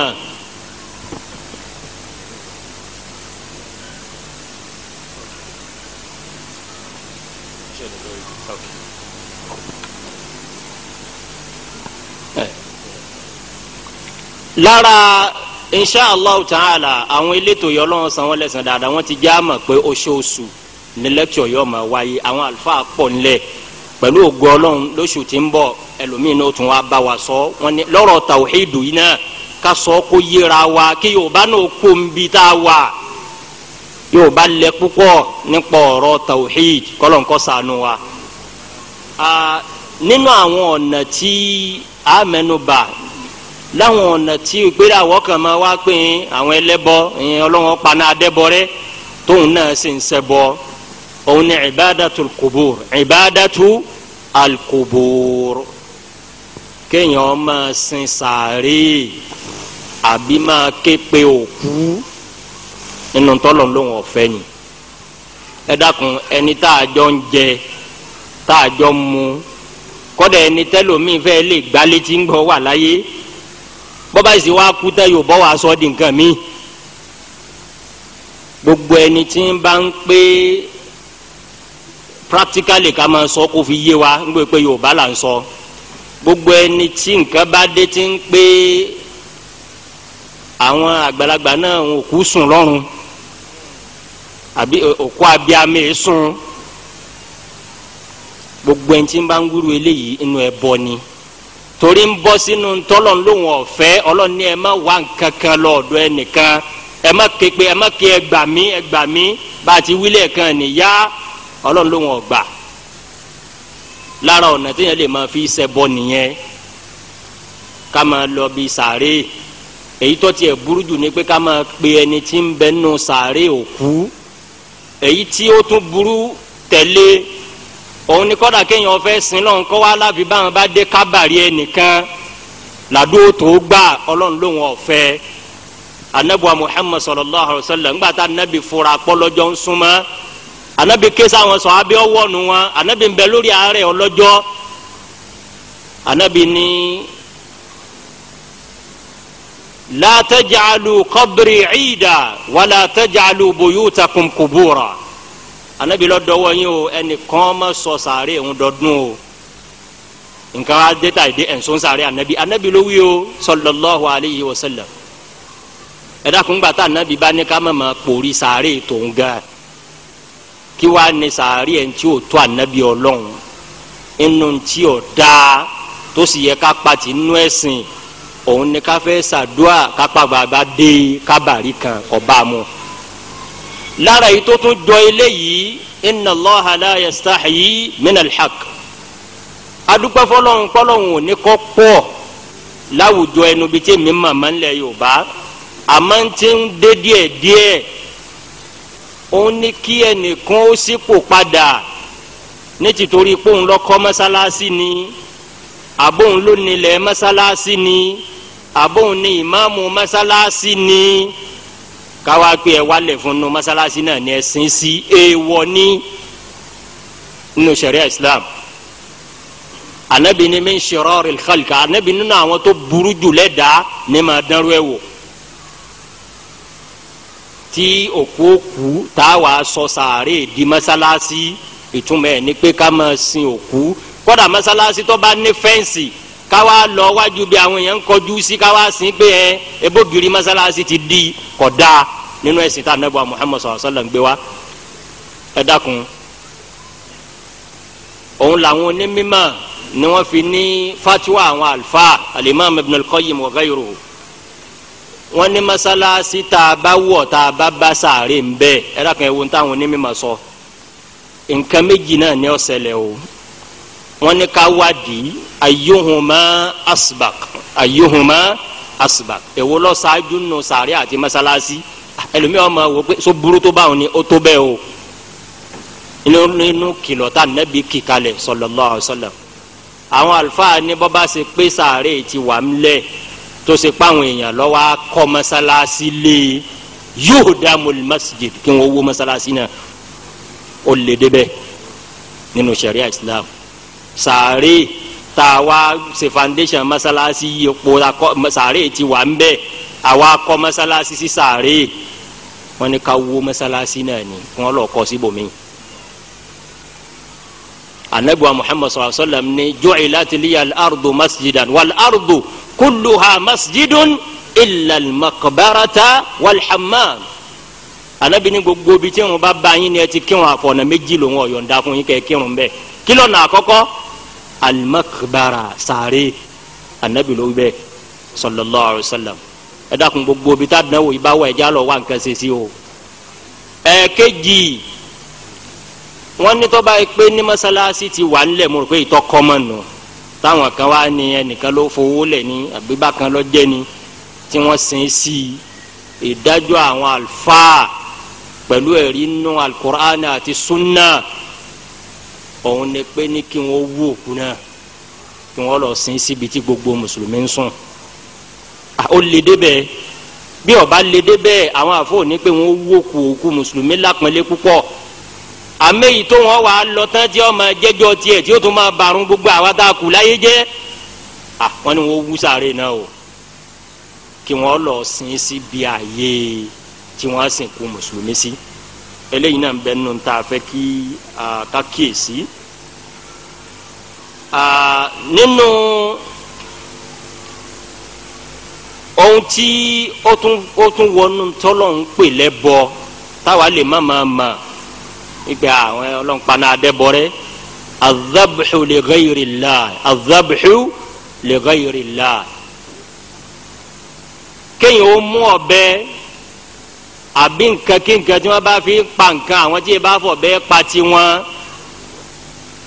lára insha allah ta'ala àwọn elétò yọ lọ́wọ́ san wọ́n lẹ́sàn dáadáa wọ́n ti já mọ̀ pé oṣooṣù ní lẹ́kṣọ̀ yọ máa wáyé àwọn àlùfáà pọ̀ nílẹ̀ pẹ̀lú ògo ọlọ́run lóṣù tí ń bọ̀ ẹlòmíì náà tún wá bá wa sọ wọn ni lọ́rọ̀ tàwíìdù yìí náà ká sọ kó yéra wa kí yorùbá náà kó ń bi tá a wà yorùbá lẹ púpọ̀ nípa ọ̀rọ̀ tàwíìd kọ́lọ̀ nǹkan sànù wa. nínú àwọn ọ̀nà tí a mẹ́nu bà láwọn ọ̀nà tí ìgbéra àwọn kan máa wá pé àwọn ẹlẹ́bọ ọlọ́wọ́n paná adẹ́bọ rẹ tóun náà sì ń ṣẹbọ òun ni ìbádàtú al-qubur ìbádàtú al-qubur kéèyàn máa sin sàárè àbí máa ké pe òkú nínú tọ́lọ̀ lóun ọ̀fẹ́ ni ẹ dákun ẹni tá a jọ ń jẹ tá a jọ ń mu kọ́dà ẹni tẹ́lòmíì fẹ́ lè gbá létí ń gbọ́ wà láyé bọ́bá ìsìn wa kú tẹ́ yóò bọ́ wàá sọ di nǹkan mi gbogbo ẹni tí ń bá ń pé practically ká máa sọ kó fi yé wa ń gbé pé Yorùbá là ń sọ gbogbo ẹni tí nǹkan bá dé tí ń pé àwọn àgbàlagbà náà òkú sùn lọ́rùn àbí òkú abiyamẹ sùn gbogbo ẹni tí ń bá ń wúru eléyìí inú ẹbọ ni. E torí ń bọ́ sínú tọ́lọ̀ lóhùn ọ̀fẹ́ ọlọ́ni ẹ má wá nǹkan kan lọ́ọ̀dọ̀ ẹnìkan ẹ má ké pé ẹ má ké ẹ gbà mí ẹ gbà mí bá a ti wílẹ̀ kan nìyá ọlọ́ni lóhùn ọ̀gbà lára ọ̀nà téèyàn lè máa fi ṣẹbọ nìyẹn ká máa lọ bí sàárè èyí tó tiẹ̀ burú jù ni pé ká máa pe ẹni tí ń bẹ nù sàárè òkú èyí tí ó tún burú tẹ̀lé òun ni kọ́dà kéèyàn fẹ́ sin lọ́n kọ́ wá láfi báwọn bá dé kábàárì ẹnìkan làdúró tó gbà ọlọ́run lóun ọ̀fẹ́ anabuwa muhammad sallallahu alayhi wa sallam ńgbà tá anabi fura kpọlọjọ ńsúmọ́ anabi kéésà wọn sọ abẹ́ ọwọ́nu wọn anabi ń bẹ lórí àárẹ̀ ọlọ́jọ́ anabi ní la taj'alu qabri 'ida wala taj'alu buyutakum qubura anabi lọ́dọ̀wọ́ yín o ẹnìkan má sọ sàárè ń dọdún o nǹkan wa dé ta ìdí ẹ̀sùn anabi anabi ló wí o sallallahu alayhi wa sallam ẹ̀dàkùngbà tá anabi bá ní ká má má pòrí sàárè tòun gan kí wàá ní sàárè ẹ̀ ń tí o tó anabi ọlọ́run inú tí o dáa tó sì yẹ ká pati nínú ẹ̀sìn òun ni ká sàdúà ká pàgbà dé kábàárì kan ọba mu lára yìí tó tún jọ eléyìí inna Allaha la yastahyi minal haqq adúpẹ́ fọlọ́hún fọlọ́hún ò ní kọ́ pọ̀ láwùjọ ẹnu bíi tí mi mà máa ń lẹ Yorùbá àmọ́ ń ti ń dé díẹ̀ díẹ̀ ó ní kí ẹnìkan ó sípò padà ní tìtorí pé òun lọ́kọ́ mọ́sálásí ni àbóun ló nílẹ̀ mọ́sálásí ni àbóun ní ìmáàmù mọ́sálásí ni káwá pé ẹ wálẹ̀ fún nu masalasi náà ni ẹ sin sí èèwọ̀ ní nínú sariya islam anabi ni min shiraril khalq anabi nínú àwọn tó burú jù lẹ́dàá ni màá dánrú ẹ wò tí òkú òkú tá a wàá sọ sàárè di masalasi ìtumọ̀ ẹ̀ ni pé ká máa sin òkú kódà masalasi tó bá ní fẹ́ǹsì káwa lọ wájú bí àwọn èèyàn ń kọjú sí káwa sìn pé ẹ ebó giri masalasi ti di kódà nínú ẹ̀sìn tá anabu Muhammad sallallahu alaihi wasallam gbé wa ẹ dákun òun làwọn onímọ̀ ni wọ́n fi ní fatiwa àwọn alfa alimami ibn al-Qayyim wa ghayruhu wọ́n ní masalasi tá a bá wọ̀ tá a bá bá sàárè ń bẹ́ẹ̀ ẹ dákun ẹ wo táwọn onímọ̀ sọ nǹkan méjì náà ni ó ṣẹlẹ̀ o wọ́n ní ká wádìí ayyuhuma asbaq ayyuhuma asbaq èwo ló ṣáájú nù sàárẹ àti masalasi ẹlòmíràn máa wò pé so burú tó báwọn ni ó tó bẹ́ẹ̀ o inú inú kìlọ̀ tá nẹ́bí kìkalẹ̀ sallallahu alaihi wasallam àwọn àlùfáà ní bọ́bá ṣe pé sàárè ti wà ńlẹ̀ tó ṣe páwọn èèyàn lọ́wọ́ akọ́ mọ́sálásí lé e, yóò dààmú masjid kí wọ́n wó mọ́sálásí náà ó lè débẹ̀ nínú sharia islam sàárè tá a wá ṣe foundation mọ́sálásí epo sàárè ti wà ń bẹ̀ àwa kọ́ mọ́sálásí sí sàárè wọ́n ní ká wó mọ́sálásí náà ni wọ́n lọ kọ́ síbòmíì anabiwa muhammad sallallahu alaihi wa sallam ni jucilatiliya al-ardu masjidan wal-ardu kulluha masjidun illa al-maqbarata wal-hammam anabi ni gbogbo bi tí wọn bá bá yín ni ẹ ti kírun àfọ̀nà méjì lòun ọ̀yọ̀ǹda fún yín kẹ́ kírun bẹ́ẹ̀ kí lọ́nà àkọ́kọ́ alimakibara sáré anabi ló bẹ sallallahu alayhi wa sallam ẹ dákun gbogbo bí tá a dánwò yìí bá wà ẹjẹ àlọ wà nǹkan ṣe sí o ẹ kéjì wọn ní tọ́ba yìí pé ní masalasi ti wà nílẹ̀ mo rò pé ìtọ́ nù táwọn kan wá ní ẹnìkan ló fowó lẹ̀ ní àbíbá kan lọ jẹ́ ni tí wọ́n sin sí ìdájọ́ àwọn àlùfáà pẹ̀lú ẹ̀rí alukur'an àti sunna òun ni pé ní kí wọ́n wú òkú náà kí wọ́n lọ sin síbi tí gbogbo mùsùlùmí ń sùn ó lè débẹ̀ bí ọba lè débẹ̀ àwọn àfọwò ní pé wọ́n wú òkú òkú mùsùlùmí lápọnlé púpọ̀ àmẹ́yìí tó wọ́n wà á lọ tán tí ọmọ jẹ́jọ́ tiẹ̀ tí ó tún máa bàrún gbogbo àwa tá a kù láyé jẹ́ àwọn ni wọ́n wú sáré náà o kí wọ́n lọ sin síbi àyè tí wọ́n sìnkú mùsùlùmí sí eléyìí náà ń bẹ nínú tá a kí a ká kíyèsí. Si nínú ohun tí ó tún ó tún wọnú tọ́lọ̀ ń pè lẹ́bọ táwa lè má máa mà ìgbà àwọn ọlọ́npaná adẹ́bọrẹ́ azabuhu li ghayri Allah azabuhu li ghayri Allah kéèyàn ó mú ọ̀bẹ àbí nǹkan kí nǹkan tí wọ́n bá fi pa nǹkan àwọn tí yẹn bá fọ̀ bẹ́ẹ̀ pa tiwọn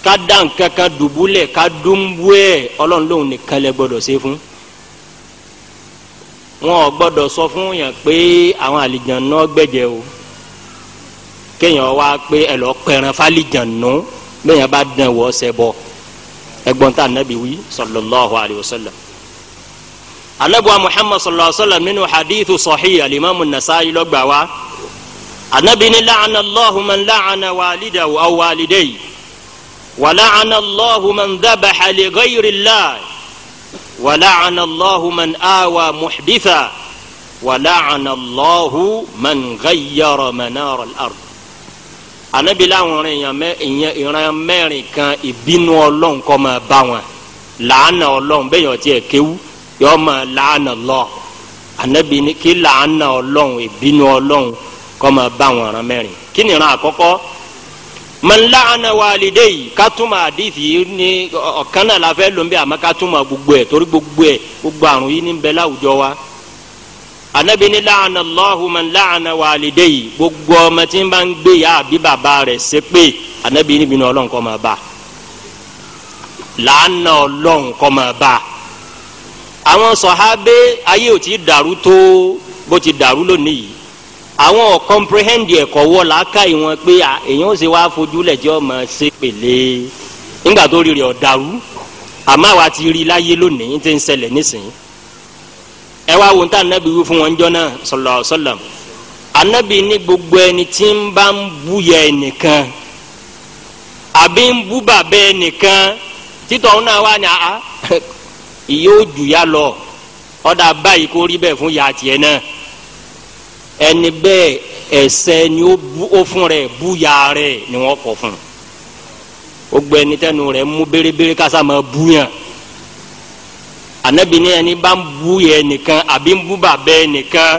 ká dá nǹkan kan dùbúlẹ̀ ká dúnbúẹ̀ ọlọ́run lòun nìkan lẹ gbọ́dọ̀ ṣe fún wọn ò gbọ́dọ̀ sọ fún yàn pé àwọn àlìjànú gbẹ̀jẹ̀ o kéèyàn wá pé ẹ lọ pẹran fálìjànú bá dán wọ́ ṣẹ bọ́ tá nàbí wí sallallahu alayhi wa sallam anabuwa muhammad sallallahu alayhi wa hadithu sahih alimami nasa'i lọ́gbà wa anabi ni la'ana allahu la'ana walidahu aw walidayi. ولعن الله من ذبح لغير الله ولعن الله من آوى محدثا ولعن الله من غير منار الأرض anabi láwọn ìran mẹ́rin kan ìbínú ọlọ́run kọ́ máa bá wọn làánà ọlọ́run bẹ́ẹ̀ yọ̀ tiẹ̀ kéwú yọ máa làánà lọ anabi ní kí làánà ọlọ́run ìbínú ọlọ́run kọ́ máa bá wọn ìran mẹ́rin kí ni ìran àkọ́kọ́ man laana walideyi katuma adiisi ni ọkana la fẹ́ lombe ama katuma gbogbo yẹ torí gbogbo yẹ gbogbo àrùn yìí ni bẹ láwùjọ wa anabi ni laana allahu man laana walideyi gbogbo ọmọ tí n bá ya àbí bàbá rẹ̀ ṣépè anabi ni bínú Ọlọ́run kó máa bá laana Ọlọ́run kó máa àwọn sọhábé ayé ò ti dàrú tó bó ti dàrú lónìí àwọn ò comprehend ẹ̀kọ́ wọ làákà ìwọ̀n pé èyàn ó ṣe wá fojú lẹ̀jẹ̀ ọmọ ṣe pèlè nígbà tó rí rẹ̀ ọ̀dàrú àmọ́ àwa ti rí láyé lónìí tí ń ṣẹlẹ̀ nísìnyí ẹ wá wo táwọn anábì wí fún wọn jọ náà sọlọ sọlọ anábì ní gbogbo ẹni tí ń bá ń búyà ẹnìkan àbí ń bú bàbá ẹnìkan títọ̀ ọ̀hún náà wà ní àá ìyóò jù yá lọ ọ̀dà báyìí kó rí bẹ́ẹ̀ fún yàtì ẹ̀ náà ẹni bẹ́ẹ̀ ẹ̀ṣẹ̀ ni ó bu ó fún rẹ̀ búya rẹ̀ ni wọ́n kọ fún un ó gbọ́ ẹni tẹ́nu rẹ̀ mú bérebére kásá máa bú yàn anabi ni ẹni bá ń bú yẹ nìkan àbí ń bú bàbẹ́ nìkan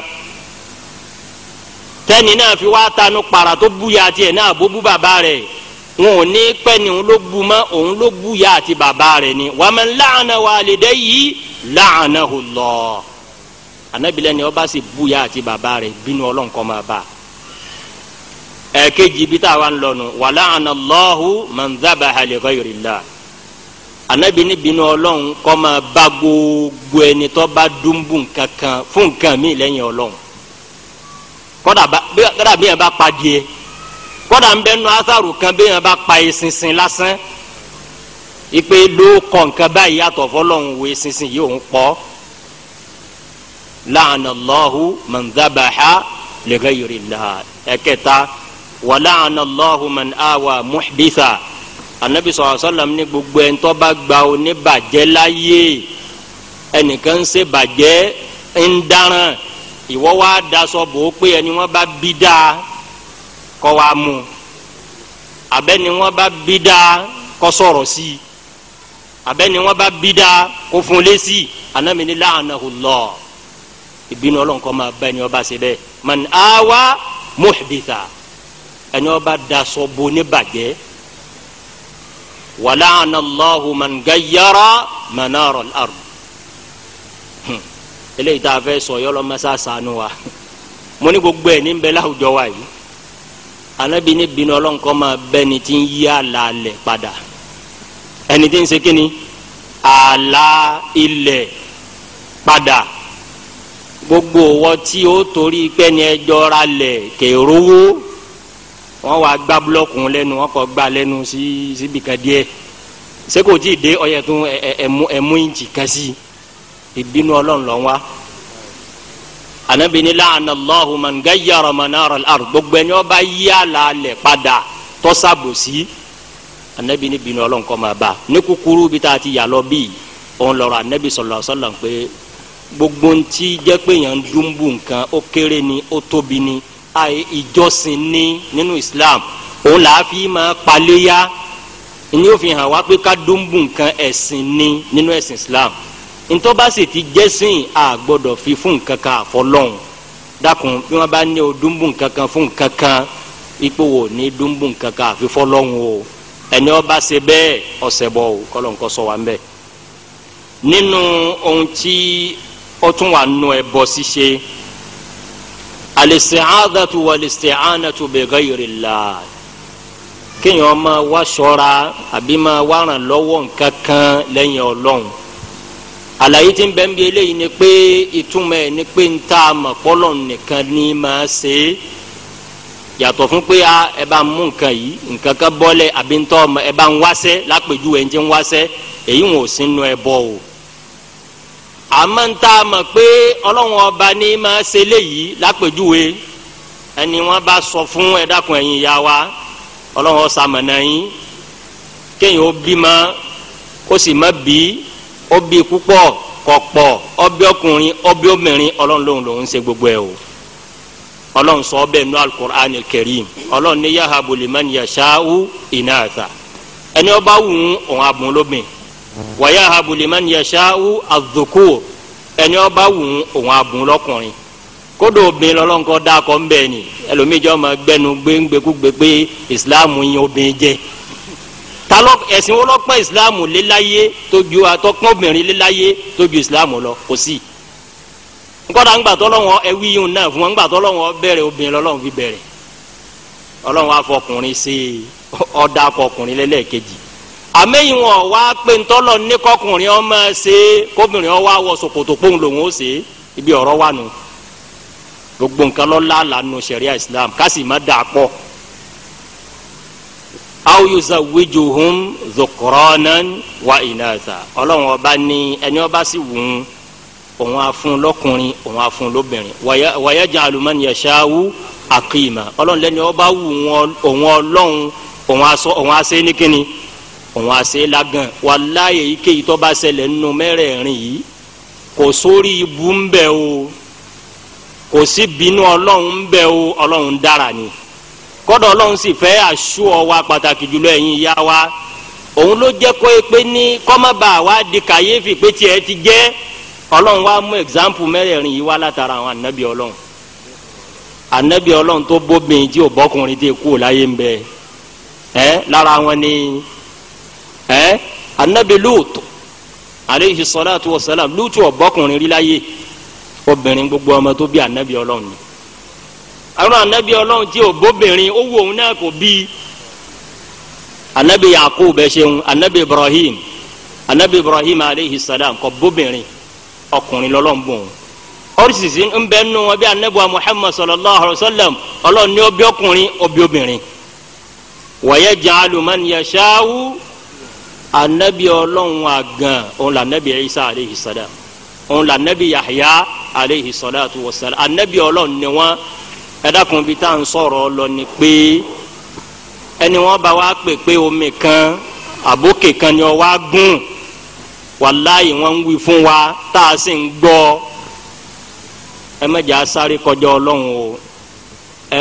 tẹ́ni náà fi wá tanu para tó bú tiẹ̀ náà bó bú bàbá rẹ̀ wọn ò ní pẹ́ ni òun ló bu mọ́ òun ló bú ya bàbá rẹ̀ ni wa man la'ana walidayhi la'anahu Allah anabilẹ ni ọba sì buya àti bàbá rẹ̀ bínú ọlọ́nkọ́ máa bá ẹ̀ẹ́kejì bí tá a wà ń lọ́nu wàlá anallahu man dhabaha li ghayrillah anabi ni bínú ọlọ́run kọ́ máa bá gbogbo ẹni tó bá dúnbù kankan fún nǹkan mi lẹ́yìn ọlọ́run kọ́dà bí yẹn bá pa díẹ̀ kọ́dà ń bẹ́ẹ̀ nu asaru kan bí yẹn bá pa eṣinṣin lásán ipe ló kọ̀ nǹkan báyìí yàtọ̀ wo eṣinṣin yìí òun pọ̀ ọ́ la'anallahu man dhabaha li ghayrillah ẹ̀kẹta wa la'anallahu man awa muhditha anabi sallallahu alaihi wasallam ní gbogbo ẹni tó bá gba oníbàjẹ́ láyé ẹnìkan ń ṣe bàjẹ́ ń dáràn ìwọ́ wa daṣọ bò ó pé ẹni wọ́n bá bí dáa kọ́ wa mú abẹ́ni wọ́n bá bí dáa kọ́ sọ̀rọ̀ sí i abẹ́ni wọ́n bá bí dáa kó la'anahu Allah ìbínú ọlọ́run kọ́ máa bá ẹni ọba ṣe bẹ́ẹ̀ man awa muhditha ẹni ọba daṣọ bo ní bàjẹ́ wàlá anallahu man gayyara manarol ard hmm. eléyìí tá a fẹ́ sọ yọlọ masa sànù wa mo ní gbogbo ẹ̀ ní bẹ́ẹ̀ láwùjọ wa yìí anabi ní bínú ọlọ́run máa bẹ́ẹ̀ ni ti ń yí àlà padà ẹni tí ń ṣe kíni àlà ilẹ̀ padà gbogbo wọn tí ó torí pé ní ẹjọ́ ra lẹ̀ kèrówó wọn wàá gbá búlọ́ọ̀kù lẹ́nu wọn kọ́ gbá lẹ́nu sí síbìkan díẹ̀ ṣé kò tí ì dé ọyẹ tún ẹmú ẹmú ìjì kan sí ìbínú ọlọ́run lọ́n wá anabi ni laana allahu man gayyara manara al gbogbo ẹni ọba yí àlà lẹ̀ padà tọ́sàbòsí anabi ni bínú ọlọ́run kọ́ máa bá ní kúkúrú bí tá a ti yà lọ bíi òun lọ́rọ̀ anabi sallallahu alaihi pé gbogbo ntí jẹ́ pé yàn ń dúnbù nǹkan ó kéré ni ó tóbi ni àì ìjọsìn ní nínú Islam òun là á fi máa paléyà ní òfin hàn wá pé ká dúnbù nǹkan ẹ̀sìn ní nínú ẹ̀sìn Islam ntọ́ bá sì ti jẹ́sìn a gbọ́dọ̀ fi fún nǹkan kan àfọlọ́hún dákun bí wọ́n bá ní o dúnbù nǹkan kan fún nǹkan kan ipò wò ní dúnbù nǹkan kan àfi fọlọ́hún o ẹni ọba ṣe bẹ́ẹ̀ ọ̀sẹ̀ bọ̀ kọ́lọ̀ nǹkan sọ wa ń bẹ̀ nínú ohun tí ó tún wà nù ẹbọ sise. al-isti'adhatu wal-isti'anatu bi ghayri Allah kéèyàn máa wá ṣọ́ra àbí máa wá ràn lọ́wọ́ nǹkan kan lẹ́yìn Ọlọ́run àlàyé tí ń bẹ ń ni pé ìtumọ̀ yi ni pé ń tá nìkan ni máa ṣe é yàtọ̀ fún pé a ẹ bá mú nǹkan yìí nǹkan kan bọ́lẹ̀ àbí ń ẹ bá ń wáṣẹ́ lápèjúwe ẹ ń jẹ́ ń wáṣẹ́ èyí ẹ bọ́ o. àmọ́ ń tá a mọ̀ pé ọlọ́run ọba ní máa ṣe léyìí lápèjúwe ẹni wọ́n bá sọ fún ẹ̀dákun ẹ̀yìn ìyá wa ọlọ́run ọ̀sàmọ̀nà yín kéèyàn ó bímọ kó sì má bí ó bí púpọ̀ kọ̀pọ̀ ọbẹ̀ ọkùnrin ọbẹ̀ obìnrin ọlọ́run lòun lòun ń ṣe gbogbo ẹ̀ o ọlọ́run sọ bẹ́ẹ̀ nú alukur'an kẹrim ọlọ́run ní yahabu liman yasha'u inatha ẹni ọba wù ú òun abùn lóbìn wàyà abuliman yasau azukur ẹni ọba wù òun abùn lọkùnrin kódò obìnrin lọlọ́nkọ́ dákọ̀ ń bẹ̀ ni ẹlòmíjọ́ ma gbẹnu gbẹ́ngbẹ́kúgbẹ pé ìsìláàmù yín obìnrin jẹ́ talọ ẹ̀sìn wo lọ́pọ̀ ìsìláàmù léláyé tójú àtọ́kùn obìnrin léláyé tójú ìsìláàmù lọ kò sí nkọ́dà ńgbàtọ́ lọ́wọ́ ẹwí yìí náà fún wọn ńgbàtọ́ lọ́wọ́ bẹ̀rẹ̀ obìnrin lọ́lọ́run fi bẹ̀rẹ̀ ọlọ́run afọkùnrin sí ọ̀dà akọkùnrin lẹ́lẹ́kejì àmẹ́yìn wọn wá pé ntọ́lọ ní kọkùnrin ọmọ ṣe kóbìnrin ọwọ́ awọ ṣòkòtò pòun lòun ó ṣe ibi ọ̀rọ̀ wà nù gbogbo nǹkan lọ́la lànà ṣẹ̀ríà Islam kásì má dà pọ̀ aw yuzawijuhum dhukuranan wa inaza ọlọ́run ọba ní ẹni ọba sì wù ú òun afun lọ́kùnrin òun afun lóbìnrin wa yaj'alu man yasha'u aqima ọlọ́run ọba wù wọn òun ọlọ́run òun asẹ́ ní kínni òun àṣẹ lagan wàláyé èyíkéyìí tó bá ṣẹlẹ̀ nínú mẹ́rẹ̀ẹ̀rin yìí kò sórí ibu ń bẹ o kò sí bínú ọlọ́run ń bẹ o ọlọ́run dára ni kọ́dọ̀ ọlọ́run sì fẹ́ àṣù ọwa pàtàkì jùlọ ẹ̀yin ìyá wa òun ló jẹ́ kó pé ní kọ́mọ́bà wa di kàyéfì pé tiẹ̀ ti jẹ́ ọlọ́run wa mú example mẹ́rẹ̀ẹ̀rin yìí wá látara àwọn ànábì ọlọ́run ànábì ọlọ́run tó bóbin tí ò bọ́kùnrin tí kú láyé ń bẹ ẹ lára wọn ni ẹ anabi lutu aleyhi salatu wa salam lutu ọbọkùnrin rí láyé obìnrin gbogbo ọmọ tó bí anabi Ọlọ́run ni àwọn anabi Ọlọ́run tí ò bóbìnrin ó wù òun náà kò bí anabi yakub ẹ anabi ibrahim anabi ibrahim aleyhi salam kò bóbìnrin ọkùnrin lọ́lọ́run bò wọn oríṣiríṣi ń nù wọn bí anabuwa muhammad sallallahu alayhi wa sallam Ọlọ́run ní obi ọkùnrin obi obìnrin wa yaj'alu man yasha'u anabi ọlọ́run àgàn òun là anabi isa aleyhi sada òun là anabi yahya aleyhi salatu wa salam anabi ọlọ́run ni wọn ẹ̀dàkùn bíi tá à ń sọ̀rọ̀ lọ ni wa pè pé omi kan àbókè kan ni ọ wá gùn wàláyé wọn ń wí fún wa tá a sì ń gbọ́ ẹ má jẹ́ asáré kọjá ọlọ́run o ẹ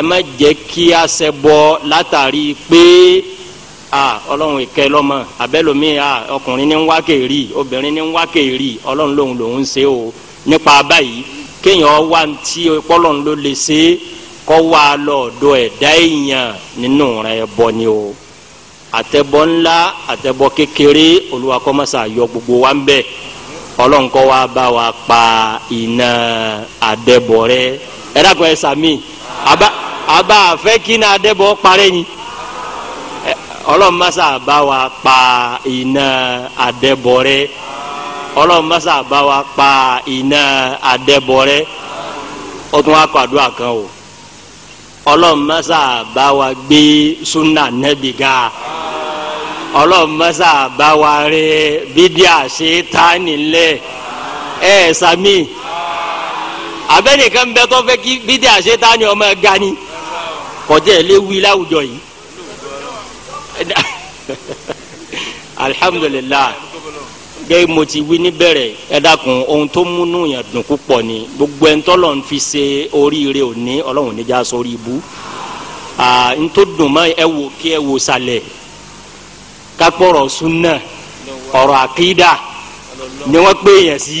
a ọlọ́run ìkẹ́ lọ́mọ abẹ́lómi a ọkùnrin ní ń wá kéèrì obìnrin ní ń wá kéèrì ọlọ́run lòun lòun ń ṣe o nípa báyìí kéèyàn wá ntí ọlọ́run ló lè ṣe kọ́ wá lọ́ọ̀dọ̀ ẹ̀dá èèyàn nínú rẹ̀ bọ́ ni o àtẹ̀bọ ńlá àtẹ̀bọ kékeré olúwa kó máa gbogbo wa ń bẹ̀ ọlọ́run kó wá bá wa pa iná àdẹ̀bọ rẹ̀ ẹ̀dá kan ẹ̀ sàmì àbá àfẹ́ kí iná àdẹ̀bọ parẹ́ yìí ọlọ́run masa bá wa pa iná adẹ́bọrẹ́ ọlọ́run masa bá wa pa iná adẹ́bọrẹ́ ó tún wá kọ àdúrà kan o ọlọ́run masa bá wa gbé sunna nẹ́bí ga ọlọ́run masa bá wa rẹ bídíà ṣe tání lẹ̀ ẹ̀ sami abẹ́nìkan bẹ́ẹ̀ tó fẹ́ kí bídíà ṣe tání ọmọ ẹ̀ gani kọjá ẹ̀ lé wí láwùjọ yìí. [laughs] alihamudulilayi gẹ́gẹ́ mo ti wí níbẹ̀rẹ̀ ẹ dákun ohun tó múnú yẹn dùn púpọ̀ ni gbogbo ẹ̀ ń tọ́lọ̀ ń fi ṣe oríire òní ọlọ́run níjà sórí ibú n tó dùn mọ́ ẹ wò kí ẹ wò sàlẹ̀ kápọ̀rọ̀ súnà ọ̀rọ̀ àkídà ni wọ́n pè yẹn sí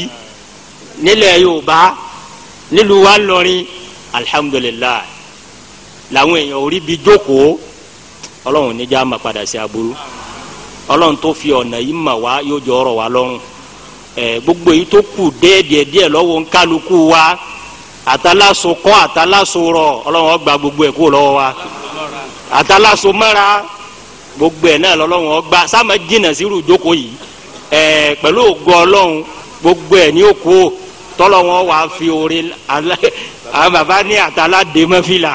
nílẹ̀ Yorùbá nílùú wa lọrin alihamudulilayi làwọn èèyàn orí bi jókòó ọlọ́run níjà má padà sí aburú ọlọ́run tó fi ọ̀nà yìí mà wá yóò jọ ọ̀rọ̀ wa lọ́rùn ẹ gbogbo èyí tó kù déédéé díẹ̀ lọ́wọ́ nkálukú wa àtàlásò kọ́ àtàlásò rọ ọlọ́run ọgbà gbogbo ẹ̀ kó lọ́wọ́ wa àtàlásò mọ́ra gbogbo ẹ̀ náà lọ́lọ́run ọgbà sáma jìnnà sírù jókòó yìí ẹ pẹ̀lú ògo ọlọ́run gbogbo ẹ̀ ní òkú tọ́lọ́ wọn wà á fi àwọn bàbá ní àtàlá dèémọ́fìlà.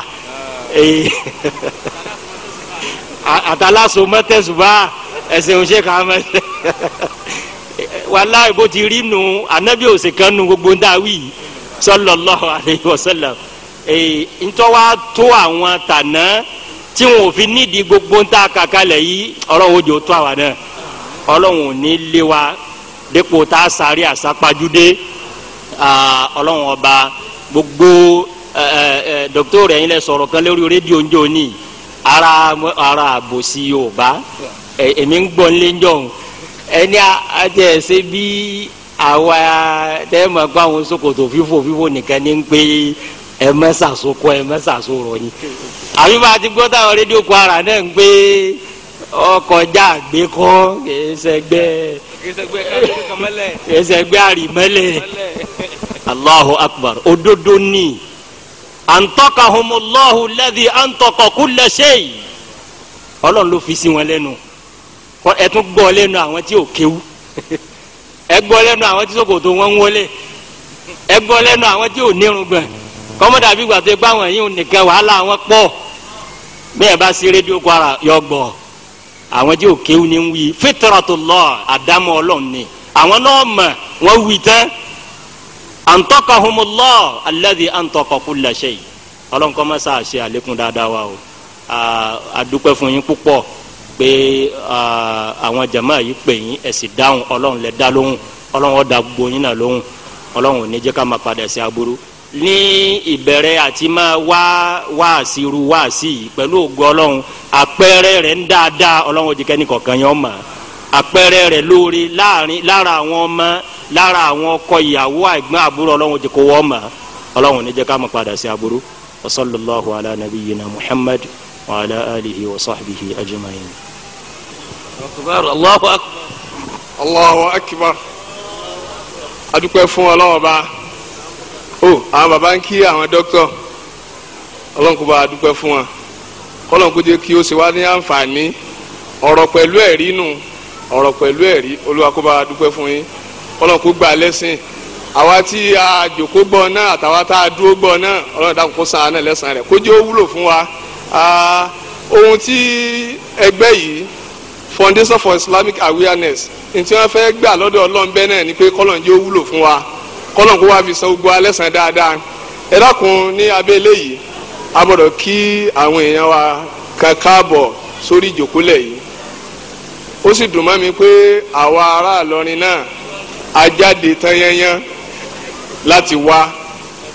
[laughs] àtàlásò mọ́tẹ́sùbá ẹ̀sìn òṣè kan mẹ́tẹ́ wàláì bó ti rí nu anabi òsè kan nu gbogbo ń dáwì sallallahu alayhi wa sallam ee ntọ́wá tó àwọn tànà tí wọn ò fi nídìí gbogbo ń ta kàkálẹ̀ yìí ọlọ́run òjò tó àwa náà ọlọ́run ní lé wa dépò tá a sáré àsápajúdé ọlọ́run ọba gbogbo dókítà rẹ̀ lẹ sọ̀rọ̀ kan lórí rédíò ń jò níyì. ara ara àbòsí yorùbá èmi ń gbọ́ nílé ẹni àti ẹ̀sẹ̀ bí àwa tẹ́ mọ̀ pé àwọn ṣòkòtò fífò fífò nìkan ní pé ẹ mẹ́sàsó kọ́ ẹ mẹ́sàsó rọ̀ àbí bá a ti gbọ́ táwọn rédíò kwara náà ń ọkọjá ẹsẹ̀gbẹ́ ẹsẹ̀gbẹ́ Akbar òdodo ni. àǹtọ́kàhùnmọ́lọ́hù lẹ́dí àǹtọ́kọ̀kú lẹ́sẹ̀ yìí ọlọ́run ló fi sí wọn lẹ́nu kọ́ àwọn tí [laughs] àwọn tí wọn wọlé ẹ àwọn tí nírun wọn yìí nìkan wàhálà wọn bá rédíò kwara yọ gbọ́ àwọn tí ni ń wí ni àwọn náà antaqahumullah alladhi antaqa kulla shay ọlọ́nkọ́ má sá ṣe àlékún dáadáa wa o àdúpẹ́ fún yín púpọ̀ pé àwọn jama yìí pè yín ẹ̀sìn dáhùn ọlọ́run lẹ dá lóhùn ọlọ́run ọ̀dà gbogbo yín náà lóhùn ọlọ́run ò ní jẹ́ ká máa padà sí aburú ní ìbẹ̀rẹ̀ àti máa wá wáàsí irú wáàsí yìí pẹ̀lú ògo ọlọ́run àpẹẹrẹ rẹ̀ ń dáadáa ọlọ́run ò jẹ́ kẹ́ni kọ̀ọ̀kan yẹn ọmọ àpẹẹrẹ rẹ̀ lórí láàrin lára àwọn ọmọ lára àwọn ọkọ ìyàwó àìgbọ́n àbúrò ọlọ́run jẹ́ kó wọ́n mọ̀ ọlọ́run ní jẹ́ ká mọ̀ padà sí aburú wa sallallahu ala nabiyyina muhammad wa ala alihi wa sahbihi ajma'in. allahu akbar allahu akbar adúpẹ́ fún ọlọ́run ba ó àwọn baba ń kí àwọn dókítà ọlọ́run kò bá adúpẹ́ fún wa kọ́lọ́n kó jẹ́ kí ó ṣe wá ní àǹfààní ọ̀rọ̀ pẹ̀lú ẹ̀rí nù ọ̀rọ̀ pẹ̀lú ẹ̀rí olúwa kó bá adúpẹ́ fún yín. Ọlọ́run kó gbà lẹ́sìn àwa tí a jòkó gbọ́ náà àtàwa tá a dúró gbọ́ náà Ọlọ́run dákun kó san àánà lẹ́sàn rẹ̀ kó jẹ́ ó wúlò fún wa ohun tí ẹgbẹ́ yìí Foundation for Islamic Awareness ntí wọ́n fẹ́ gbà lọ́dọ̀ Ọlọ́run bẹ́ẹ̀ náà ni pé kọ́lọ́n jẹ́ ó wúlò fún wa kọ́lọ́n kó wá fi san gbogbo alẹ́sàn dáadáa ẹ dákun ní abẹ́ eléyìí a gbọ́dọ̀ kí àwọn èèyàn wa kan káàbọ̀ sórí ìjòkólẹ̀ yìí ó sì dùn mọ́ mi pé àwa ará náà ajáde tanyanyan láti wá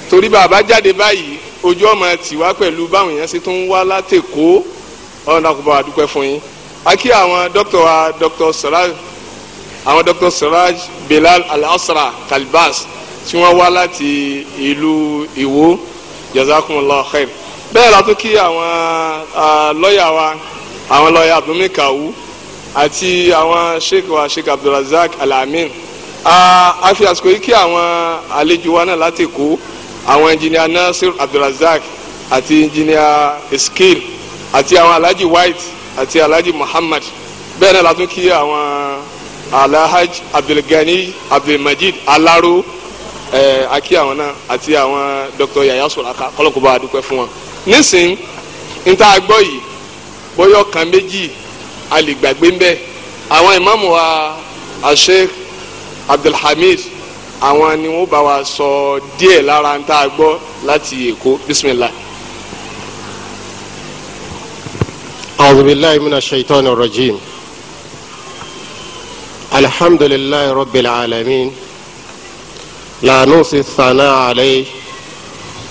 torí bàbá jáde báyìí ojú ọmọ tiwa pẹ̀lú báwọn èèyàn ṣe tún ń wá látẹ̀kọ́ ọ̀nàkùnbọ̀ àdúpẹ́ fún yín a àwọn dókítà wa dr siraj àwọn dr siraj belal al-asra kalbas tí wọ́n wá láti ìlú ìwó jazakumullah khair bẹ́ẹ̀ la tún kí àwọn lọ́ọ̀yà wa àwọn lọ́ọ̀yà abdulmikawu àti àwọn sheikh wa sheikh abdulrazak alamin a fi àsìkò yìí kí àwọn àlejò wa náà láti kó àwọn engineer nasir abdulrasaq àti engineer iskir àti àwọn alhaji white àti alhaji muhammad bẹ́ẹ̀ náà la tún kí àwọn alhaj abdulgani abdulmajid alaro ẹ̀ẹ́ akí àwọn náà àti àwọn dr yaya suraka kọ́lọ́kùnbá adúpẹ́ fún wọn. nísìnyí níta gbọ́ yìí bóyá ọ̀kan méjì a lè gbàgbé ń bẹ́ẹ̀ àwọn ìmáàmù wa àṣẹ abdulhamid àwọn ni wọn bá wa sọ díẹ̀ lára ń tá a gbọ́ láti èkó bisimilah. أعوذ بالله من الشيطان الرجيم الحمد لله رب العالمين لا نوصي الثناء عليه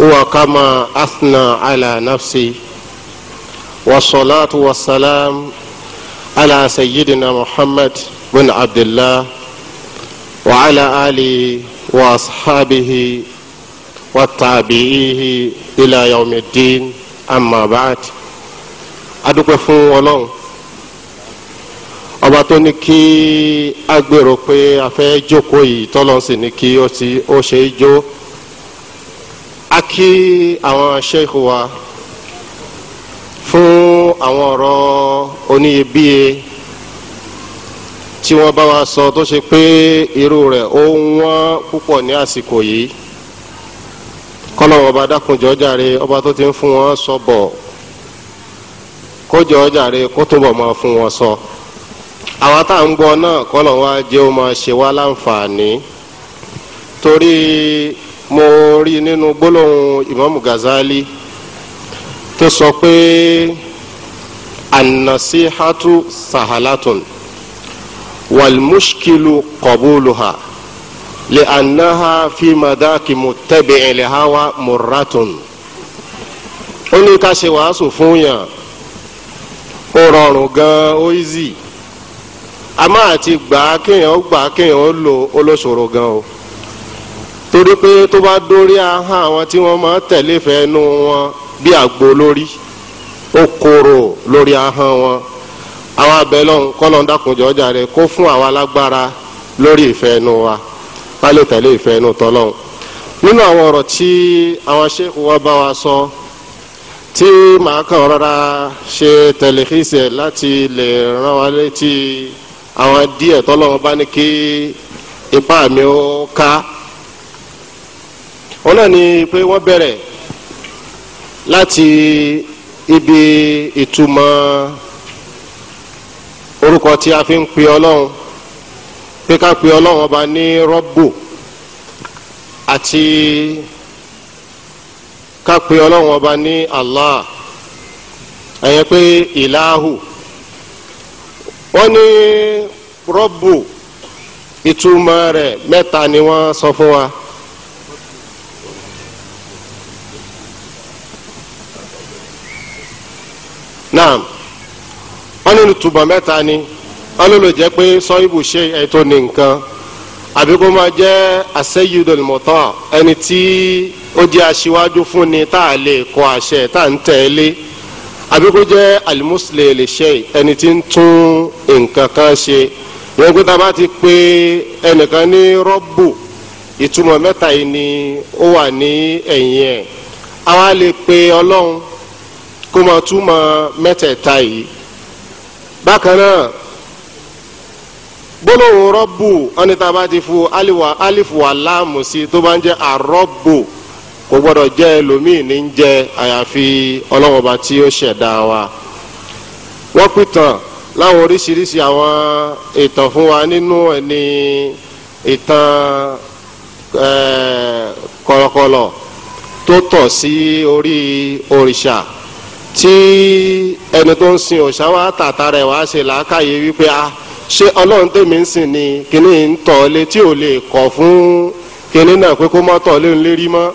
هو كما أثنى على نفسي والصلاة والسلام على سيدنا محمد بن عبد الله وعلى آله وأصحابه والتابعيه إلى يوم الدين أما بعد adúpẹ́ fún ọlọ́run ọba tó ní kí a gbèrò pé a fẹ́ jókòó yìí tọ́lọ́n sì ní kí ó ti ó ṣe é jó a kí àwọn sheikh wa fún àwọn ọ̀rọ̀ oníyebíye tí wọ́n bá wa sọ tó ṣe pé irú rẹ̀ ó wọn púpọ̀ ní àsìkò yìí kọ́lọ́wọ́ ọba dákunjọ́ jàre ọba tó ti ń fún wọn sọ bọ̀ kójọ jàre kó túbọ̀ máa fún wọn sọ àwa tá à ń gbọ́ náà kọ́lọ́wọ́ ajé ó máa ṣe wá láǹfààní torí mo rí nínú gbólóhùn Imam Ghazali tó sọ pé an-nasihatu sahalatun. والمشكل قبولها لأنها في مذاك متبع لهوى مرة ó ní ká ṣe wàásù fún yàn ó rọrùn gan ó easy àmọ́ àti gbà á kéèyàn ó gbà á kéèyàn ó lò olóṣòro gan o torí pé tó bá dórí ahọ́n àwọn tí wọ́n máa tẹ̀lé fẹ́ẹ́ nu wọn bí àgbo lórí ó korò lórí ahọ́n wọn àwọn abẹ́lọ́n kọ́lọ́n dákunjọ ọjà rẹ kó fún àwọn alágbára lórí ìfẹ́ ẹnu wa ká lè tẹ̀lé ìfẹ́ ẹnu tọ́lọ́hún nínú àwọn ọ̀rọ̀ tí àwọn ṣéèkù wa bá wa sọ tí màá kàn rọra ṣe tẹlifíṣẹ̀ láti lè rán wa létí àwọn díẹ̀ tọ́lọ́hún bá ní kí ipá mi ó ká wọn náà ni pé wọ́n bẹ̀rẹ̀ láti ibi ìtumọ̀ orúkọ tí a fi ń pe ọlọ́run pé ká pe ọlọ́run ọba ní rọ́bù àti ká pe ọlọ́run ọba ní Allah ẹ̀yẹn pé ìlàhù wọ́n ní rọ́bù ìtumọ̀ rẹ̀ mẹ́ta ni wọ́n sọ fún wa. naam wọn ló lu tùbọ̀ mẹ́ta ni wọn ló lu jẹ́ pé sọ́yìnbù ṣe ètò ní nǹkan àbí kó máa jẹ́ àṣeyìdòlì mọ̀tàn ẹni tí ó jẹ́ aṣíwájú fún ni tá a lè kọ àṣẹ tá à ń tẹ̀lé àbí kó jẹ́ alimusulè lè ṣe ẹni tí ń tún nǹkan kan ṣe ìyẹn pé tá ti pè ẹnìkan ní rọ́bù ìtumọ̀ mẹ́ta yìí ni ó wà ní ẹ̀yìn ẹ̀ àwa lè pè ọlọ́run kó máa túmọ̀ mẹ́tẹ̀ẹ̀ta yìí bákan náà gbólóhùn rọ́bù ọ̀nì tá a bá ti fún alifu aláàmù sí tó bá ń jẹ́ àrọ́bù kò gbọ́dọ̀ jẹ́ ẹlòmíì ní ń jẹ́ àyàfi ọlọ́wọ́ba tí ó ṣẹ̀dá wa wọ́n pìtàn láwọn oríṣiríṣi àwọn ìtàn fún wa nínú ẹni ìtàn kọ̀lọ̀kọ̀lọ̀ tó tọ̀ sí orí òrìṣà. Si tí ẹni tó ń sin òòṣà wa tàtà rẹ̀ wá ṣe làákàyè wípé a ah, ṣé ọlọ́run tèmi ń sìn ni kíní ń tọ̀ lé tí ò lè kọ̀ fún kíní náà pé kó mọ́ tọ̀ lé lérí mọ́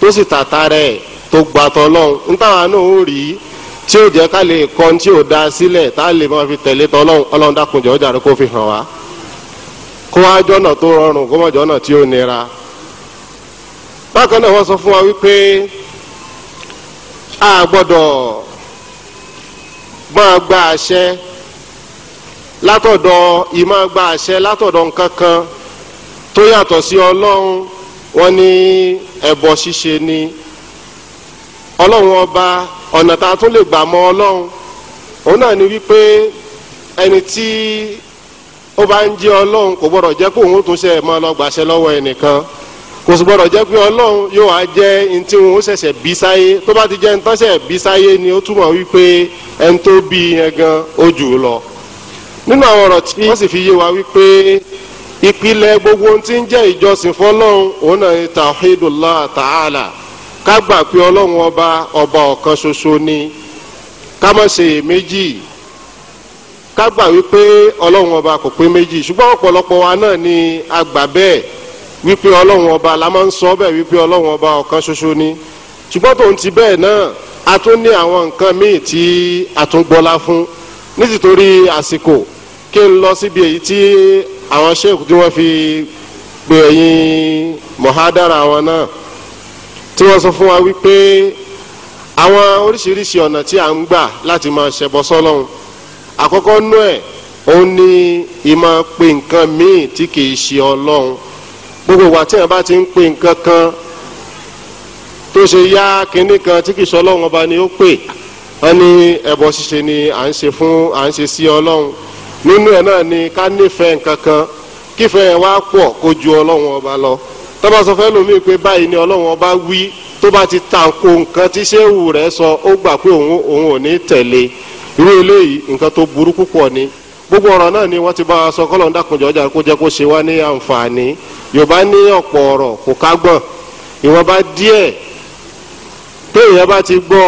tó sì tàtà tó gba tọ́lọ́run ń náà ó rí tí jẹ́ ká lè kọ́ tí ò da sílẹ̀ tá a lè máa fi tẹ̀lé ọlọ́run ọjà kó fi fún wa wípé. a gbọ́dọ̀ máa gba àṣẹ látọ̀dọ̀ ìmọ̀ gba àṣẹ látọ̀dọ̀ nǹkan kan tó yàtọ̀ sí ọlọ́run wọn ní ẹbọ ṣíṣe ni ọlọ́run ọba ọ̀nà tá a tún lè gbà mọ ọlọ́run òun náà ni wípé ẹni tí ó bá ń jẹ́ ọlọ́run kò gbọ́dọ̀ jẹ́ kó òun tún ṣe ẹ̀ mọ́ lọ gbàṣẹ lọ́wọ́ ẹnìkan kò sì gbọdọ̀ jẹ́ pé ọlọ́run yóò wá jẹ́ ẹni tí wọn ó ṣẹ̀ṣẹ̀ bí sáyé tó bá ti jẹ́ ẹni tó ṣẹ̀ bí sáyé ni ó túmọ̀ wípé ẹni tó bí yẹn gan ó jù lọ. nínú àwọn ọ̀rọ̀ tí wọ́n sì fi yé wa wípé ìpìlẹ̀ gbogbo ohun ń jẹ́ ìjọsìn fọlọ́run òun náà ni tawhidullah ta'ala ká gbà pé ọlọ́run ọba ọba ọ̀kan ṣoṣo ni ká má ṣe èméjì ká gbà wípé ọlọ́run ọba kò pé méjì ṣùgbọ́n ọ̀pọ̀lọpọ̀ wa náà ni a gbà bẹ́ẹ̀ wípé ọlọ́run ọba la máa ń sọ bẹ́ẹ̀ wípé ọlọ́run ọba ọ̀kan ṣoṣo ni ṣùgbọ́n tòun ti bẹ́ẹ̀ náà a tún ní àwọn nǹkan míì tí a tún gbọ́lá fún nítorí àsìkò kí n lọ síbi èyí tí àwọn sheikh tí wọ́n fi gbé ẹ̀yìn mọ̀hádàrà wọn náà tí wọ́n sọ fún wa wípé àwọn oríṣiríṣi ọ̀nà tí a ń gbà láti máa ṣẹbọ sọ́lọ́run àkọ́kọ́ nú ẹ̀ òun ni ìmọ̀ pé nǹkan míì tí kì í ṣe ọlọ́run gbogbo wa tí wọn bá ti ń pè nǹkan kan tó ṣe yá kinní kan tí kìí sọ ọlọ́run ọba ni ó pè wọn ní ẹbọ ṣíṣe ni à ń ṣe fún à ń ṣe sí ọlọ́run nínú ẹ̀ náà ni ká nífẹ̀ẹ́ nǹkan kan kífẹ́ ẹ̀ wá pọ̀ kó ju ọlọ́run ọba lọ tọ́ba lómi pé báyìí ni ọlọ́run ọba wí tó bá ti tàǹkó nǹkan tí sẹ́wù rẹ̀ sọ ó gbà pé òun ò ní tẹ̀lé irú eléyìí nǹkan tó burú púpọ̀ ni gbogbo ọ̀rọ̀ náà ni wọ́n ti bá a sọ kọ́lọ̀ ń dàkúnjọ́ ọjà kó jẹ́ kó ṣe wá ní àǹfààní yorùbá ní ọ̀pọ̀ ọ̀rọ̀ kò kágbọ̀n ìwọ̀nba díẹ̀ téèyàn bá ti gbọ́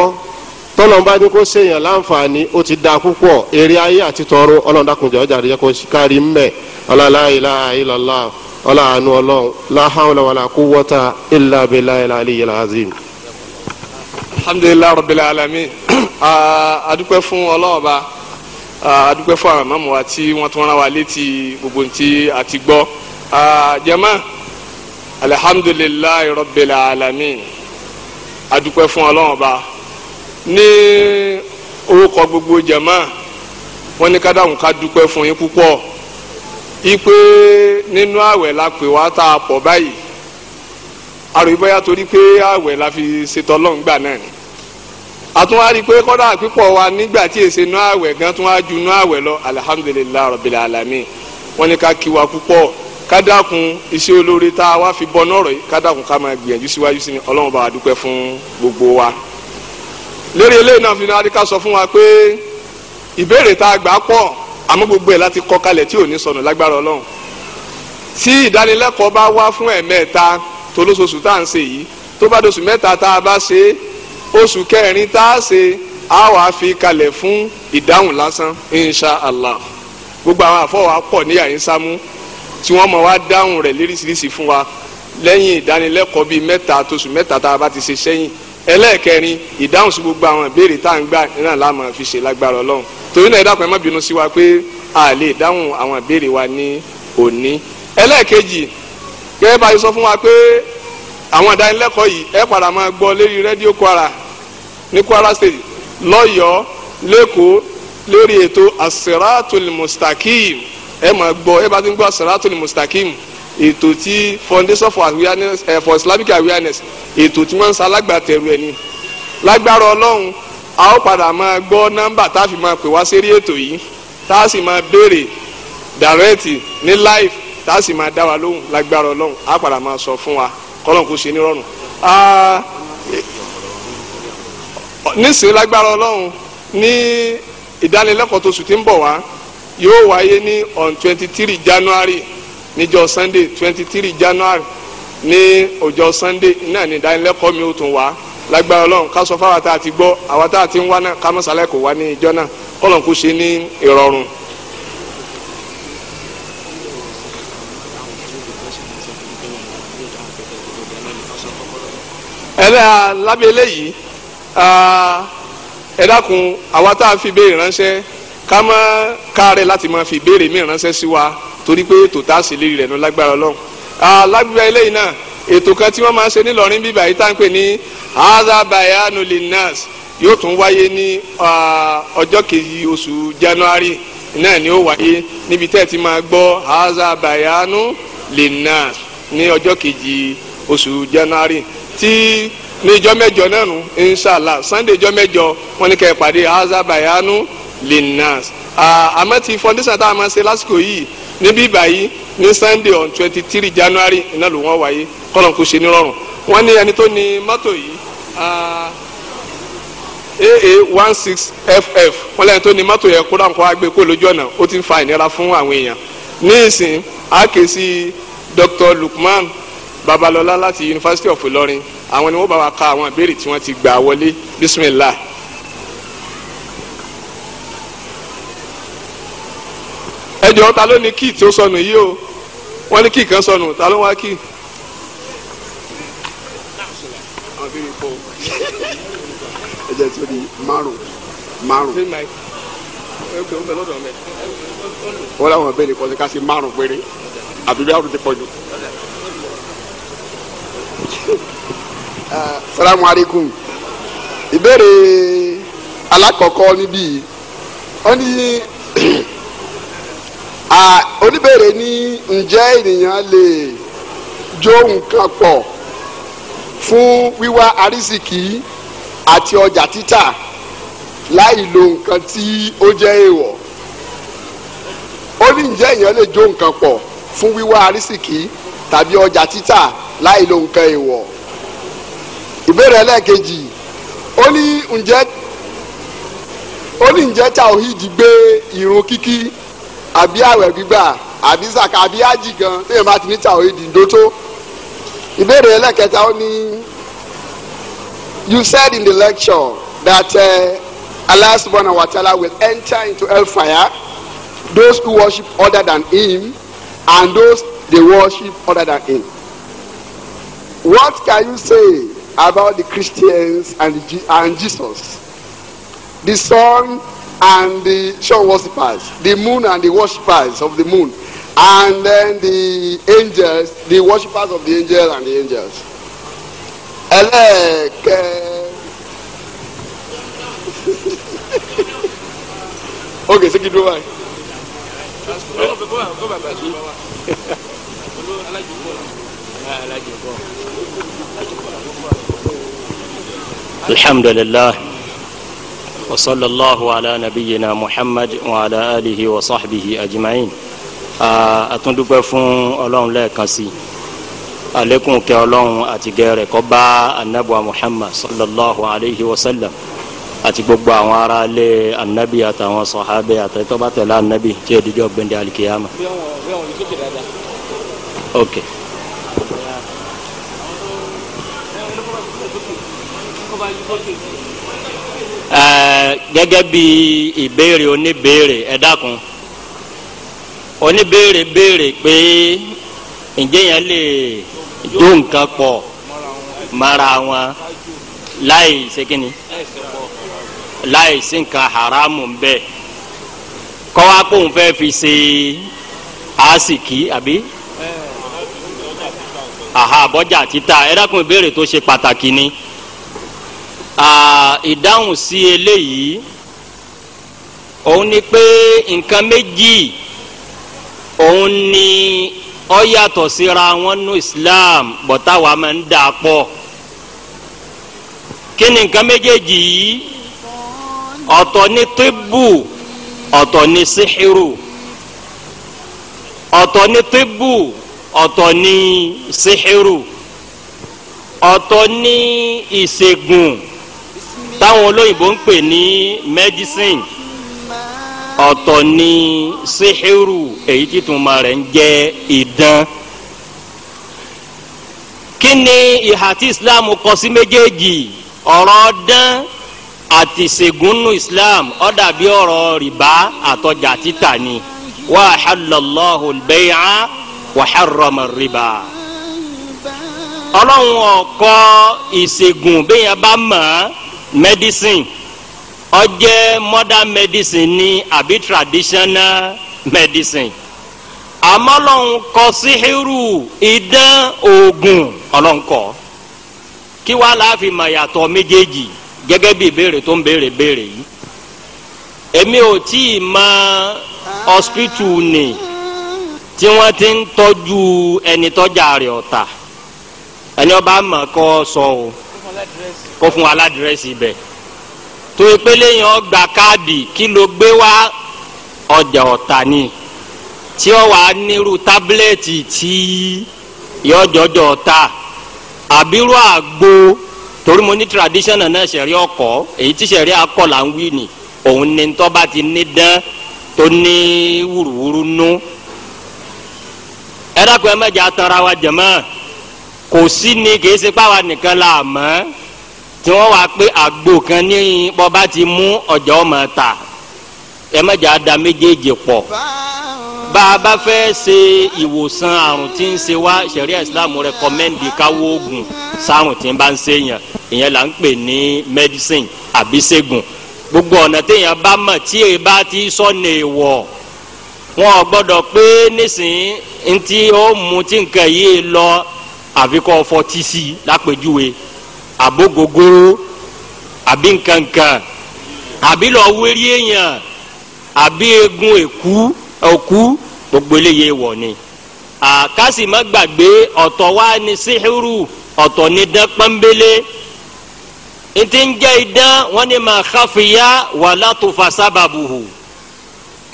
tọ́lọ̀ ń bá ní kó ṣèyàn láǹfààní ó ti da púpọ̀ èrè ayé àti tọrọ ọlọ́run dàkúnjọ́ ọjà jẹ́ kó kárí mẹ́ ọlọ́lá ilaha illallah ọlọ́àánú ọlọ́run la hawla wala quwwata illa billahil aliyyil azim. alhamdulilayi rabbil alamin [clears throat] a dúpẹ́ fún ba adúpẹ́ fún àwọn àmọ́ wa tí wọ́n tún rán wa létí gbogbo ntí àti gbọ́ jama alihamdulilayi rabbil alamin adúpẹ́ fún ọlọ́run ọba ní orúkọ gbogbo jama wọ́n ní kádàmù ká dúpẹ́ fún yín púpọ̀ ipe nínú àwẹ̀ la pè wá tá a pọ̀ báyìí àròyìn bóyá torí pé àwẹ̀ la fi ṣètò ọlọ́run gbà náà ni àtún wá rí i pé kọ́dà pípọ̀ wa nígbà tí èsè nú àwẹ̀ gan tún wá ju nú àwẹ̀ lọ alihamudulilayi rabil alamin wọ́n ní ká kíwa púpọ̀ ká dákun iṣẹ́ olóore tá a wá fi bọ́ nọ́ọ̀rọ̀ yìí ká dákun ká máa gbìyànjú síwájú sí ni ọlọ́run bá wa dúpẹ́ fún gbogbo wa. lérí eléyìí náà fi ní adika sọ fún wa pé ìbéèrè tá a gbà pọ̀ àmọ́ gbogbo ẹ̀ láti kọ́ kalẹ̀ tí ò ní sọnù lágbára ọlọ́run. tí ìdánilẹ́kọ̀ọ́ bá wá fún ẹ̀mẹ́ta tó tá à ń ṣe yìí tó bá doṣù mẹ́ta tá a bá ṣe é oṣù kẹrin tá a ṣe a wà fi kalẹ̀ fún ìdáhùn lásán insha allah gbogbo àwọn àfọwọ́ pọ̀ ní àyín sámú tí wọ́n mọ̀ wá dáhùn rẹ̀ lóríṣiríṣi fún wa lẹ́yìn ìdánilẹ́kọ̀ọ́ bíi mẹ́ta tóṣù mẹ́ta tá a bá ti ṣe sẹ́yìn ẹlẹ́ẹ̀kẹrin ìdáhùn sí gbogbo àwọn ìbéèrè tá à ń gbà náà la máa fi ṣe lágbára ọlọ́run torí náà ẹ ẹ má bínú sí wa pé a lè dáhùn àwọn ìbéèrè wa ní òní ẹlẹ́ẹ̀kejì gẹ́gẹ́ bá a sọ fún wa pé àwọn ìdánilẹ́kọ̀ọ́ yìí ẹ padà máa gbọ́ lérí rédíò Kwara ní Kwara State lọ́yọ̀ọ́ lẹ́kọ̀ọ́ lórí ètò asiratul mustakim ẹ máa gbọ́ ẹ bá ti ń gbọ́ asiratul mustakim ètò tí foundation for awareness eh, for islamic awareness ètò tí wọ́n ń salágbàtẹ̀rù ẹ̀ ni lágbára ọlọ́run a ó padà máa gbọ́ nọ́mbà tá a fi máa pè wá sérí ètò yìí tá a sì máa béèrè dàrẹ́ẹ̀tì ní live tá a sì máa dá wa lóhùn lágbára ọlọ́run a padà máa sọ fún wa kọ́lọ́n kò ṣe ní rọrùn nísìnyí lágbára ọlọ́run ní ìdánilẹ́kọ̀ọ́ tó sùn ti ń bọ̀ wá yóò wáyé ní on twenty three january níjọ́ sunday twenty three january ní ọjọ́ sunday náà ní ìdánilẹ́kọ̀ọ́ mi ò tún wá lágbára ọlọ́run ká sọ fáwọn tá a ti gbọ́ àwọn tá a ti ń wá náà ká mọ̀sálẹ̀ kò wá ní ìjọ náà kọ́lọ́n kò ṣe ní ìrọ̀rùn. ẹlẹ́ alábẹ́ eléyìí ẹ dákun àwa tá a fi béèrè ránṣẹ́ ká mọ́ káàárẹ̀ láti fi béèrè mi ránṣẹ́ sí wa torí pé tòótá sì rẹ̀ ló lágbára ọlọ́run alábẹ́ eléyìí náà ètò kan tí wọ́n máa se ṣe nílọrin bíbá yìí tá à pè ní azabayanu linnas yóò tún wáyé ní ọjọ́ kejì oṣù january náà ni ó wáyé níbi tẹ́ ti máa gbọ́ ní ọjọ́ kejì oṣù tí níjọ́ mẹ́jọ náà nù inshallah sunday jọ́ mẹ́jọ wọn ni kẹ́ ẹ pàdé azabayanu linnas àmọ́ ti foundation tá a máa ṣe lásìkò yìí níbí báyìí ní sunday on twenty three january iná ló wọ́n wáyé kọ́nà kò ṣe nírọ̀rùn wọ́n ní ẹni tó ni mọ́tò yìí aa one six ff wọ́n lẹ́yìn tó ní mọ́tò yẹn kóra nǹkan agbè kó lójú ọ̀nà ó ti ń fa ìnira fún àwọn èèyàn ní ìsìn àkèsí dr lukman babalọlá láti University of Ìlọrin àwọn ni wọ́n bá wa ka àwọn ìbéèrè tí wọ́n ti gbà wọlé bismillah. ẹ jọ̀ọ́ ta ló ní kíì tí sọnù yìí o wọ́n ní kíì kan sọnù ta ló wá kíì. wọ́n láwọn ìbéèrè kan ti ká sí márùn péré àbí bí àrùn ti pọ̀ jù. salamu aleykum ìbéèrè alákọ̀ọ́kọ́ níbí ó ní [clears throat] oníbèrè ní ǹjẹ́ ènìyàn lè jó nǹkan pọ̀ fún wíwá arísìkí àti ọjà títà láì lo nǹkan tí ó jẹ́ èèwọ̀ ó ní ǹjẹ́ èèyàn lè jó nǹkan pọ̀ fún wíwá arísìkí tàbí ọjà títà láì lo nǹkan èèwọ̀ ìbéèrè ẹlẹ́ẹ̀kejì ó ní ǹjẹ́ ó ní ǹjẹ́ tàwíìdì gbé irun kíkí àbí àwẹ̀ gbígbà àbí sàkà àbí ájì gan téèyàn bá ti ní tàwíìdì ńdótó ìbéèrè ẹlẹ́ẹ̀kẹta ó ní you said in the lecture that uh, Allah subhanahu wa will enter into hellfire those who worship other than him and those they worship other than him. What can you say about the Christians and, the, and Jesus. The sun and the sun worshippers, the moon and the worshippers of the moon, and then the angels, the worshippers of the angel and the angels. ẹlẹ́ẹ̀kẹ́ [laughs] okay ṣé kí dúró báyìí. Go back, go back, go back. [laughs] الحمد لله وصلى الله على نبينا محمد وعلى آله وصحبه أجمعين أتندوك فون ألون لا كنسي عليكم كألون أتجاري كبا النبوة محمد صلى الله عليه وسلم àti gbogbo àwọn ará ilé anabi àtàwọn sọ̀hábẹ́ àtẹ̀tọ́bàtẹ̀lá anabi tí ó dijọ́ gbẹ̀ndẹ̀ gẹ́gẹ́ bí ìbéèrè oníbéèrè ẹ dákun oníbéèrè béèrè pé ǹjẹ́ yẹn lè jó nǹkan pọ̀ mara wọn láì ṣèkínni láì sí nǹkan haramu bẹ́ẹ̀ kọ́wá kó ń fẹ́ fi ṣe àásìkí àbí àhàbọ́jà títà ẹ dákun ìbéèrè tó ṣe pàtàkì ni. ìdáhùn sí eléyìí òun ni pé nǹkan méjì òun ni ọ yàtọ̀ síra wọn nú Islam bọ̀tá wa máa ń dà pọ̀ kí ni nǹkan méjèèjì yìí ọ̀tọ̀ ni tébù ọ̀tọ̀ ni síhìrù ọ̀tọ̀ ni tébù ọ̀tọ̀ ni síhìrù ọ̀tọ̀ ni ìṣègùn. táwọn olóyìnbó ń pè ní medicine ọ̀tọ̀ ni sihiru èyí tí tuma rẹ̀ ń jẹ́ idán kí ni ìhà tí islam kọ sí méjèèjì ọ̀rọ̀ dán àti ìṣègùnú islam ó dàbí ọ̀rọ̀ rìbá àtọjà títà ni wa halallahu al-bay'a riba ọlọ́run ọ̀kọ́ ìṣègùn bẹ́ẹ̀ bá mọ̀ ọ́ medicine ó jẹ́ modern medicine ni àbí traditional medicine àmọ́ lọ́n kọ síhírù idán oògùn ọlọ́n kọ́ kí wàá láàfin mayàtọ̀ méjèèjì gẹ́gẹ́ bí ìbéèrè tó ń béèrè béèrè yìí èmi ò tí ì mọ hospital ni tí wọ́n ti ń tọ́jú ẹni tọ́jà rẹ̀ ọ̀tà ẹni ọba mọ̀ kọ́ sọ o kó fún wa ládìrẹ́sì ibẹ̀ tó ìpele yẹn ó gba káàdì kí ló gbé wá ọjà ọ̀tà ni tí ó wàá nírú tábìlẹ́ẹ̀tì tí yọjọjọ ọ̀tà àbírú àgbo torí mo ní traditional náà sẹ̀rí ọkọ̀ èyí tí sẹ̀rí akọ là ń wí ni òun ni tó bá ti ní dán tó ní wúruwúru nú ẹ dákun ẹ mẹ́jọ atara wa jẹ̀mọ́ kò sí ni kì í ṣe pàwọn nìkan la mọ́ tí wọ́n wá pé àgbo kan ní bọ́ba ti mú ọjà ọmọ ta ẹ mẹ́jà da méjèèjì pọ̀ bá a bá fẹ́ ṣe ìwòsàn àrùn tí ń ṣe wá ṣẹ̀ríà Islam rẹkọmẹ́ndì káwó oògùn sárùn tí ń bá ń ṣe yàn ìyẹn là ń pè ní medicine àbí ṣègùn gbogbo ọ̀nà téèyàn bá mọ̀ tí èyí bá ti sọ̀nà èèwọ̀ wọn ò gbọ́dọ̀ pé nísìnyí ntí ó mu tí nǹkan yìí lọ àfikọ́ fọtí sí lápèjúwe. Abogogoro àbí nkankan àbí lọ wérí èèyàn àbí eegun èkú òkú gbogbo eléyìí wọ̀ ni àkásì má gbàgbé ọ̀tọ̀ wa ni síhírù ọ̀tọ̀ ni dán pọ́nbélé ntí ń jẹ́ idán wọ́n ní ma khafiya wala tufa sababuhu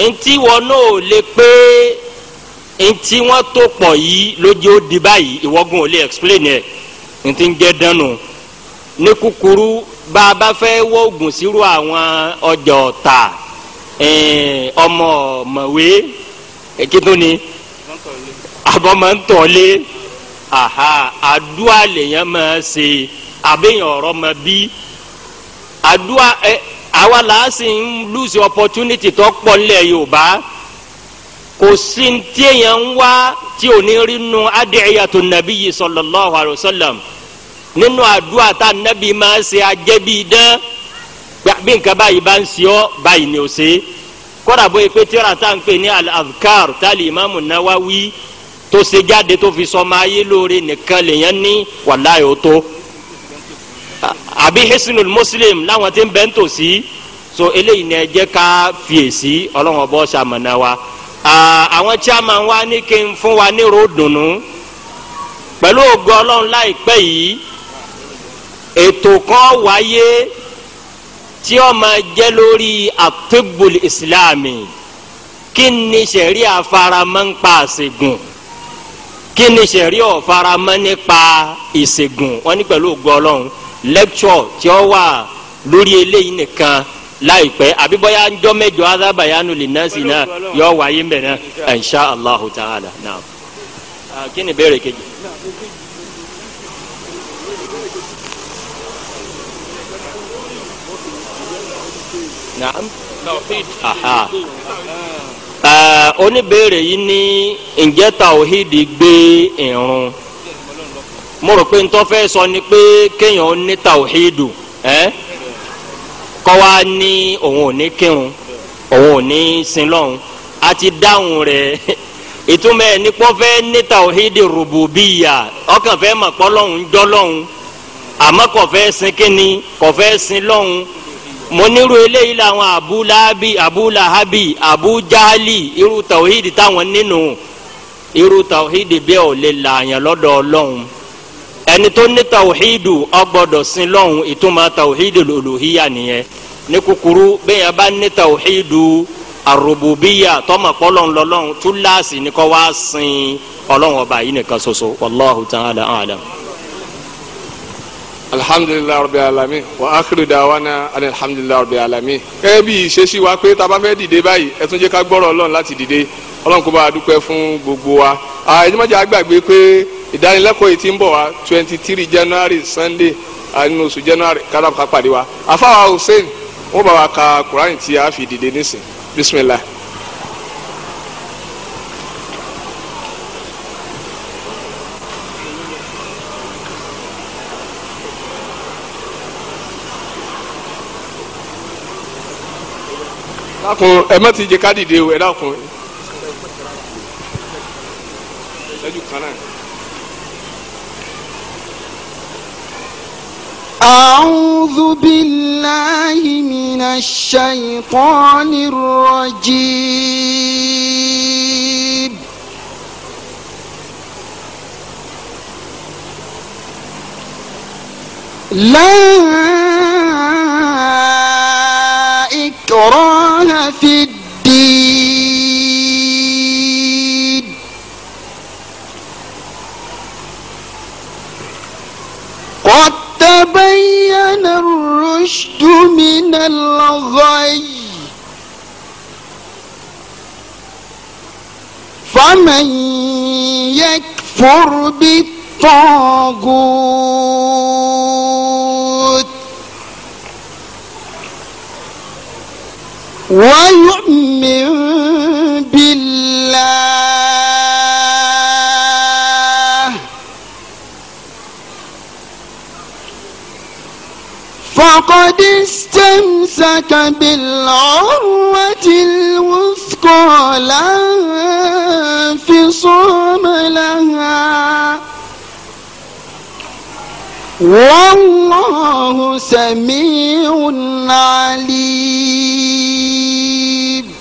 ntí wọn náà lè pé ntí wọ́n tó pọ̀ yìí lójú ó di báyìí ìwọ́gun ò lè explain ẹ̀ ntí ń jẹ́ dánù. No ní kúkúrú bá a bá fẹ́ wọ́ọ̀gùn sírú àwọn ọjà ọ̀tà ọmọ ọ̀mọ̀wé kíntó ni àbọ̀mọ̀ ń tọ̀lé aha àdúrà lèèyàn máa ṣe àbẹ̀yàn ọ̀rọ̀ mọ bí àdúrà ẹ àwa làá ń lùsì opportunity tó pọ̀ nílẹ̀ Yorùbá kò sí tí èèyàn ń wá tí ò ní rí nu adìyẹ tó nàbí yìí sallallahu alaihi wasallam nínú àdúrà tá nábì máa ṣe ajẹ́bí dán bí nǹkan báyìí bá ń ṣe ọ́ báyìí ni ò ṣe é kódà bóyá pé tíra tá à ń pè ní al-adhkar tálí imaamu nawawi tó ṣe jáde tó fi sọmọ ayé lóore nìkan lèyàn ní wàláyé ó tó àbí hisinul muslim láwọn tí ń bẹ́ ń tò sí so eléyìí ni ẹ jẹ́ ká fiyèsí ọlọ́run ọba ṣamọ̀nà wa àwọn chairman wa ní kí n fún wa ní ròdùnnú pẹ̀lú ògo ọlọ́run láìpẹ́ yìí ètò kan wáyé tí ó máa jẹ́ lórí atibul islami kí ni sẹ̀rí àfaramọ́ ń pa àṣegùn kí ni sẹ̀rí ọ̀faramọ́ nípa ìṣègùn wọn ní pẹ̀lú ògo ọlọ́run lecture tí ó wà lórí eléyìí nìkan láìpẹ́ àbí bóyá ń jọ́ mẹ́jọ azábàyánu lè ná sí náà yọ wáyé mbẹ̀ náà insha ta'ala náà ah, kí ni ìbéèrè kejì. naam yi ni yìí ní ǹjẹ́ tàwíìdì gbé ìrun mo rò pé ntọ́ sọ ni pé kéèyàn ní tawhidu kọ́ wa ní òun ò ní kírun a ti dáhùn rẹ̀ ìtumọ̀ ẹ̀ nípọ́ fẹ́ ní rubu rùbùbíyà ọkàn fẹ́ mọ̀ pọ́ lọ́hùn jọ́ lọ́hùn àmọ́ kò fẹ́ sin fẹ́ mɔniru ele yi la wọn abulabi abulahabi abujali iru tawhid tawọn ninu iru tawhid bɛ o le la yan lɔdɔ lɔn ɛni tó ní tawhid ɔgbɔdɔ sin lɔn ituma tawhid lɔlɔhiya niyɛ ní kukuru bɛyɛ bá ní tawhid arububiya tɔmɔ kɔlɔn lɔlɔn tulaasi ni kɔ wá sin ɔlɔn wɔ bá yi ni ka soso wàllu alhamdulilayi rabi alami wa akiru dawana alhamdulilayi rabi alami. ẹ bí ìṣesí wa pé tá a bá fẹ́ dìde báyìí ẹ tún jẹ́ ká gbọ́rọ̀ ọlọ́run láti dìde ọlọ́run kó bá a dúpẹ́ fún gbogbo wa. ẹni má pé ìdánilẹ́kọ̀ọ́ yìí ti ń bọ̀ wá twenty three january sunday nínú oṣù january káràkà pàdé wa. àfáwà hussein wọ́n bá wa ka kuraani tí a fi dìde nísìn bisimilahi. dákun ẹ má ti jẹ ká dìde o ẹ dákun. أعوذ بالله من الشيطان الرجيم لا إكراه في الدين قد تبين الرشد من الغي فمن يكفر بالطاغوت ويؤمن بالله فقد استمسك بالعروة الوثقى لا انفصام لها والله سميع عليم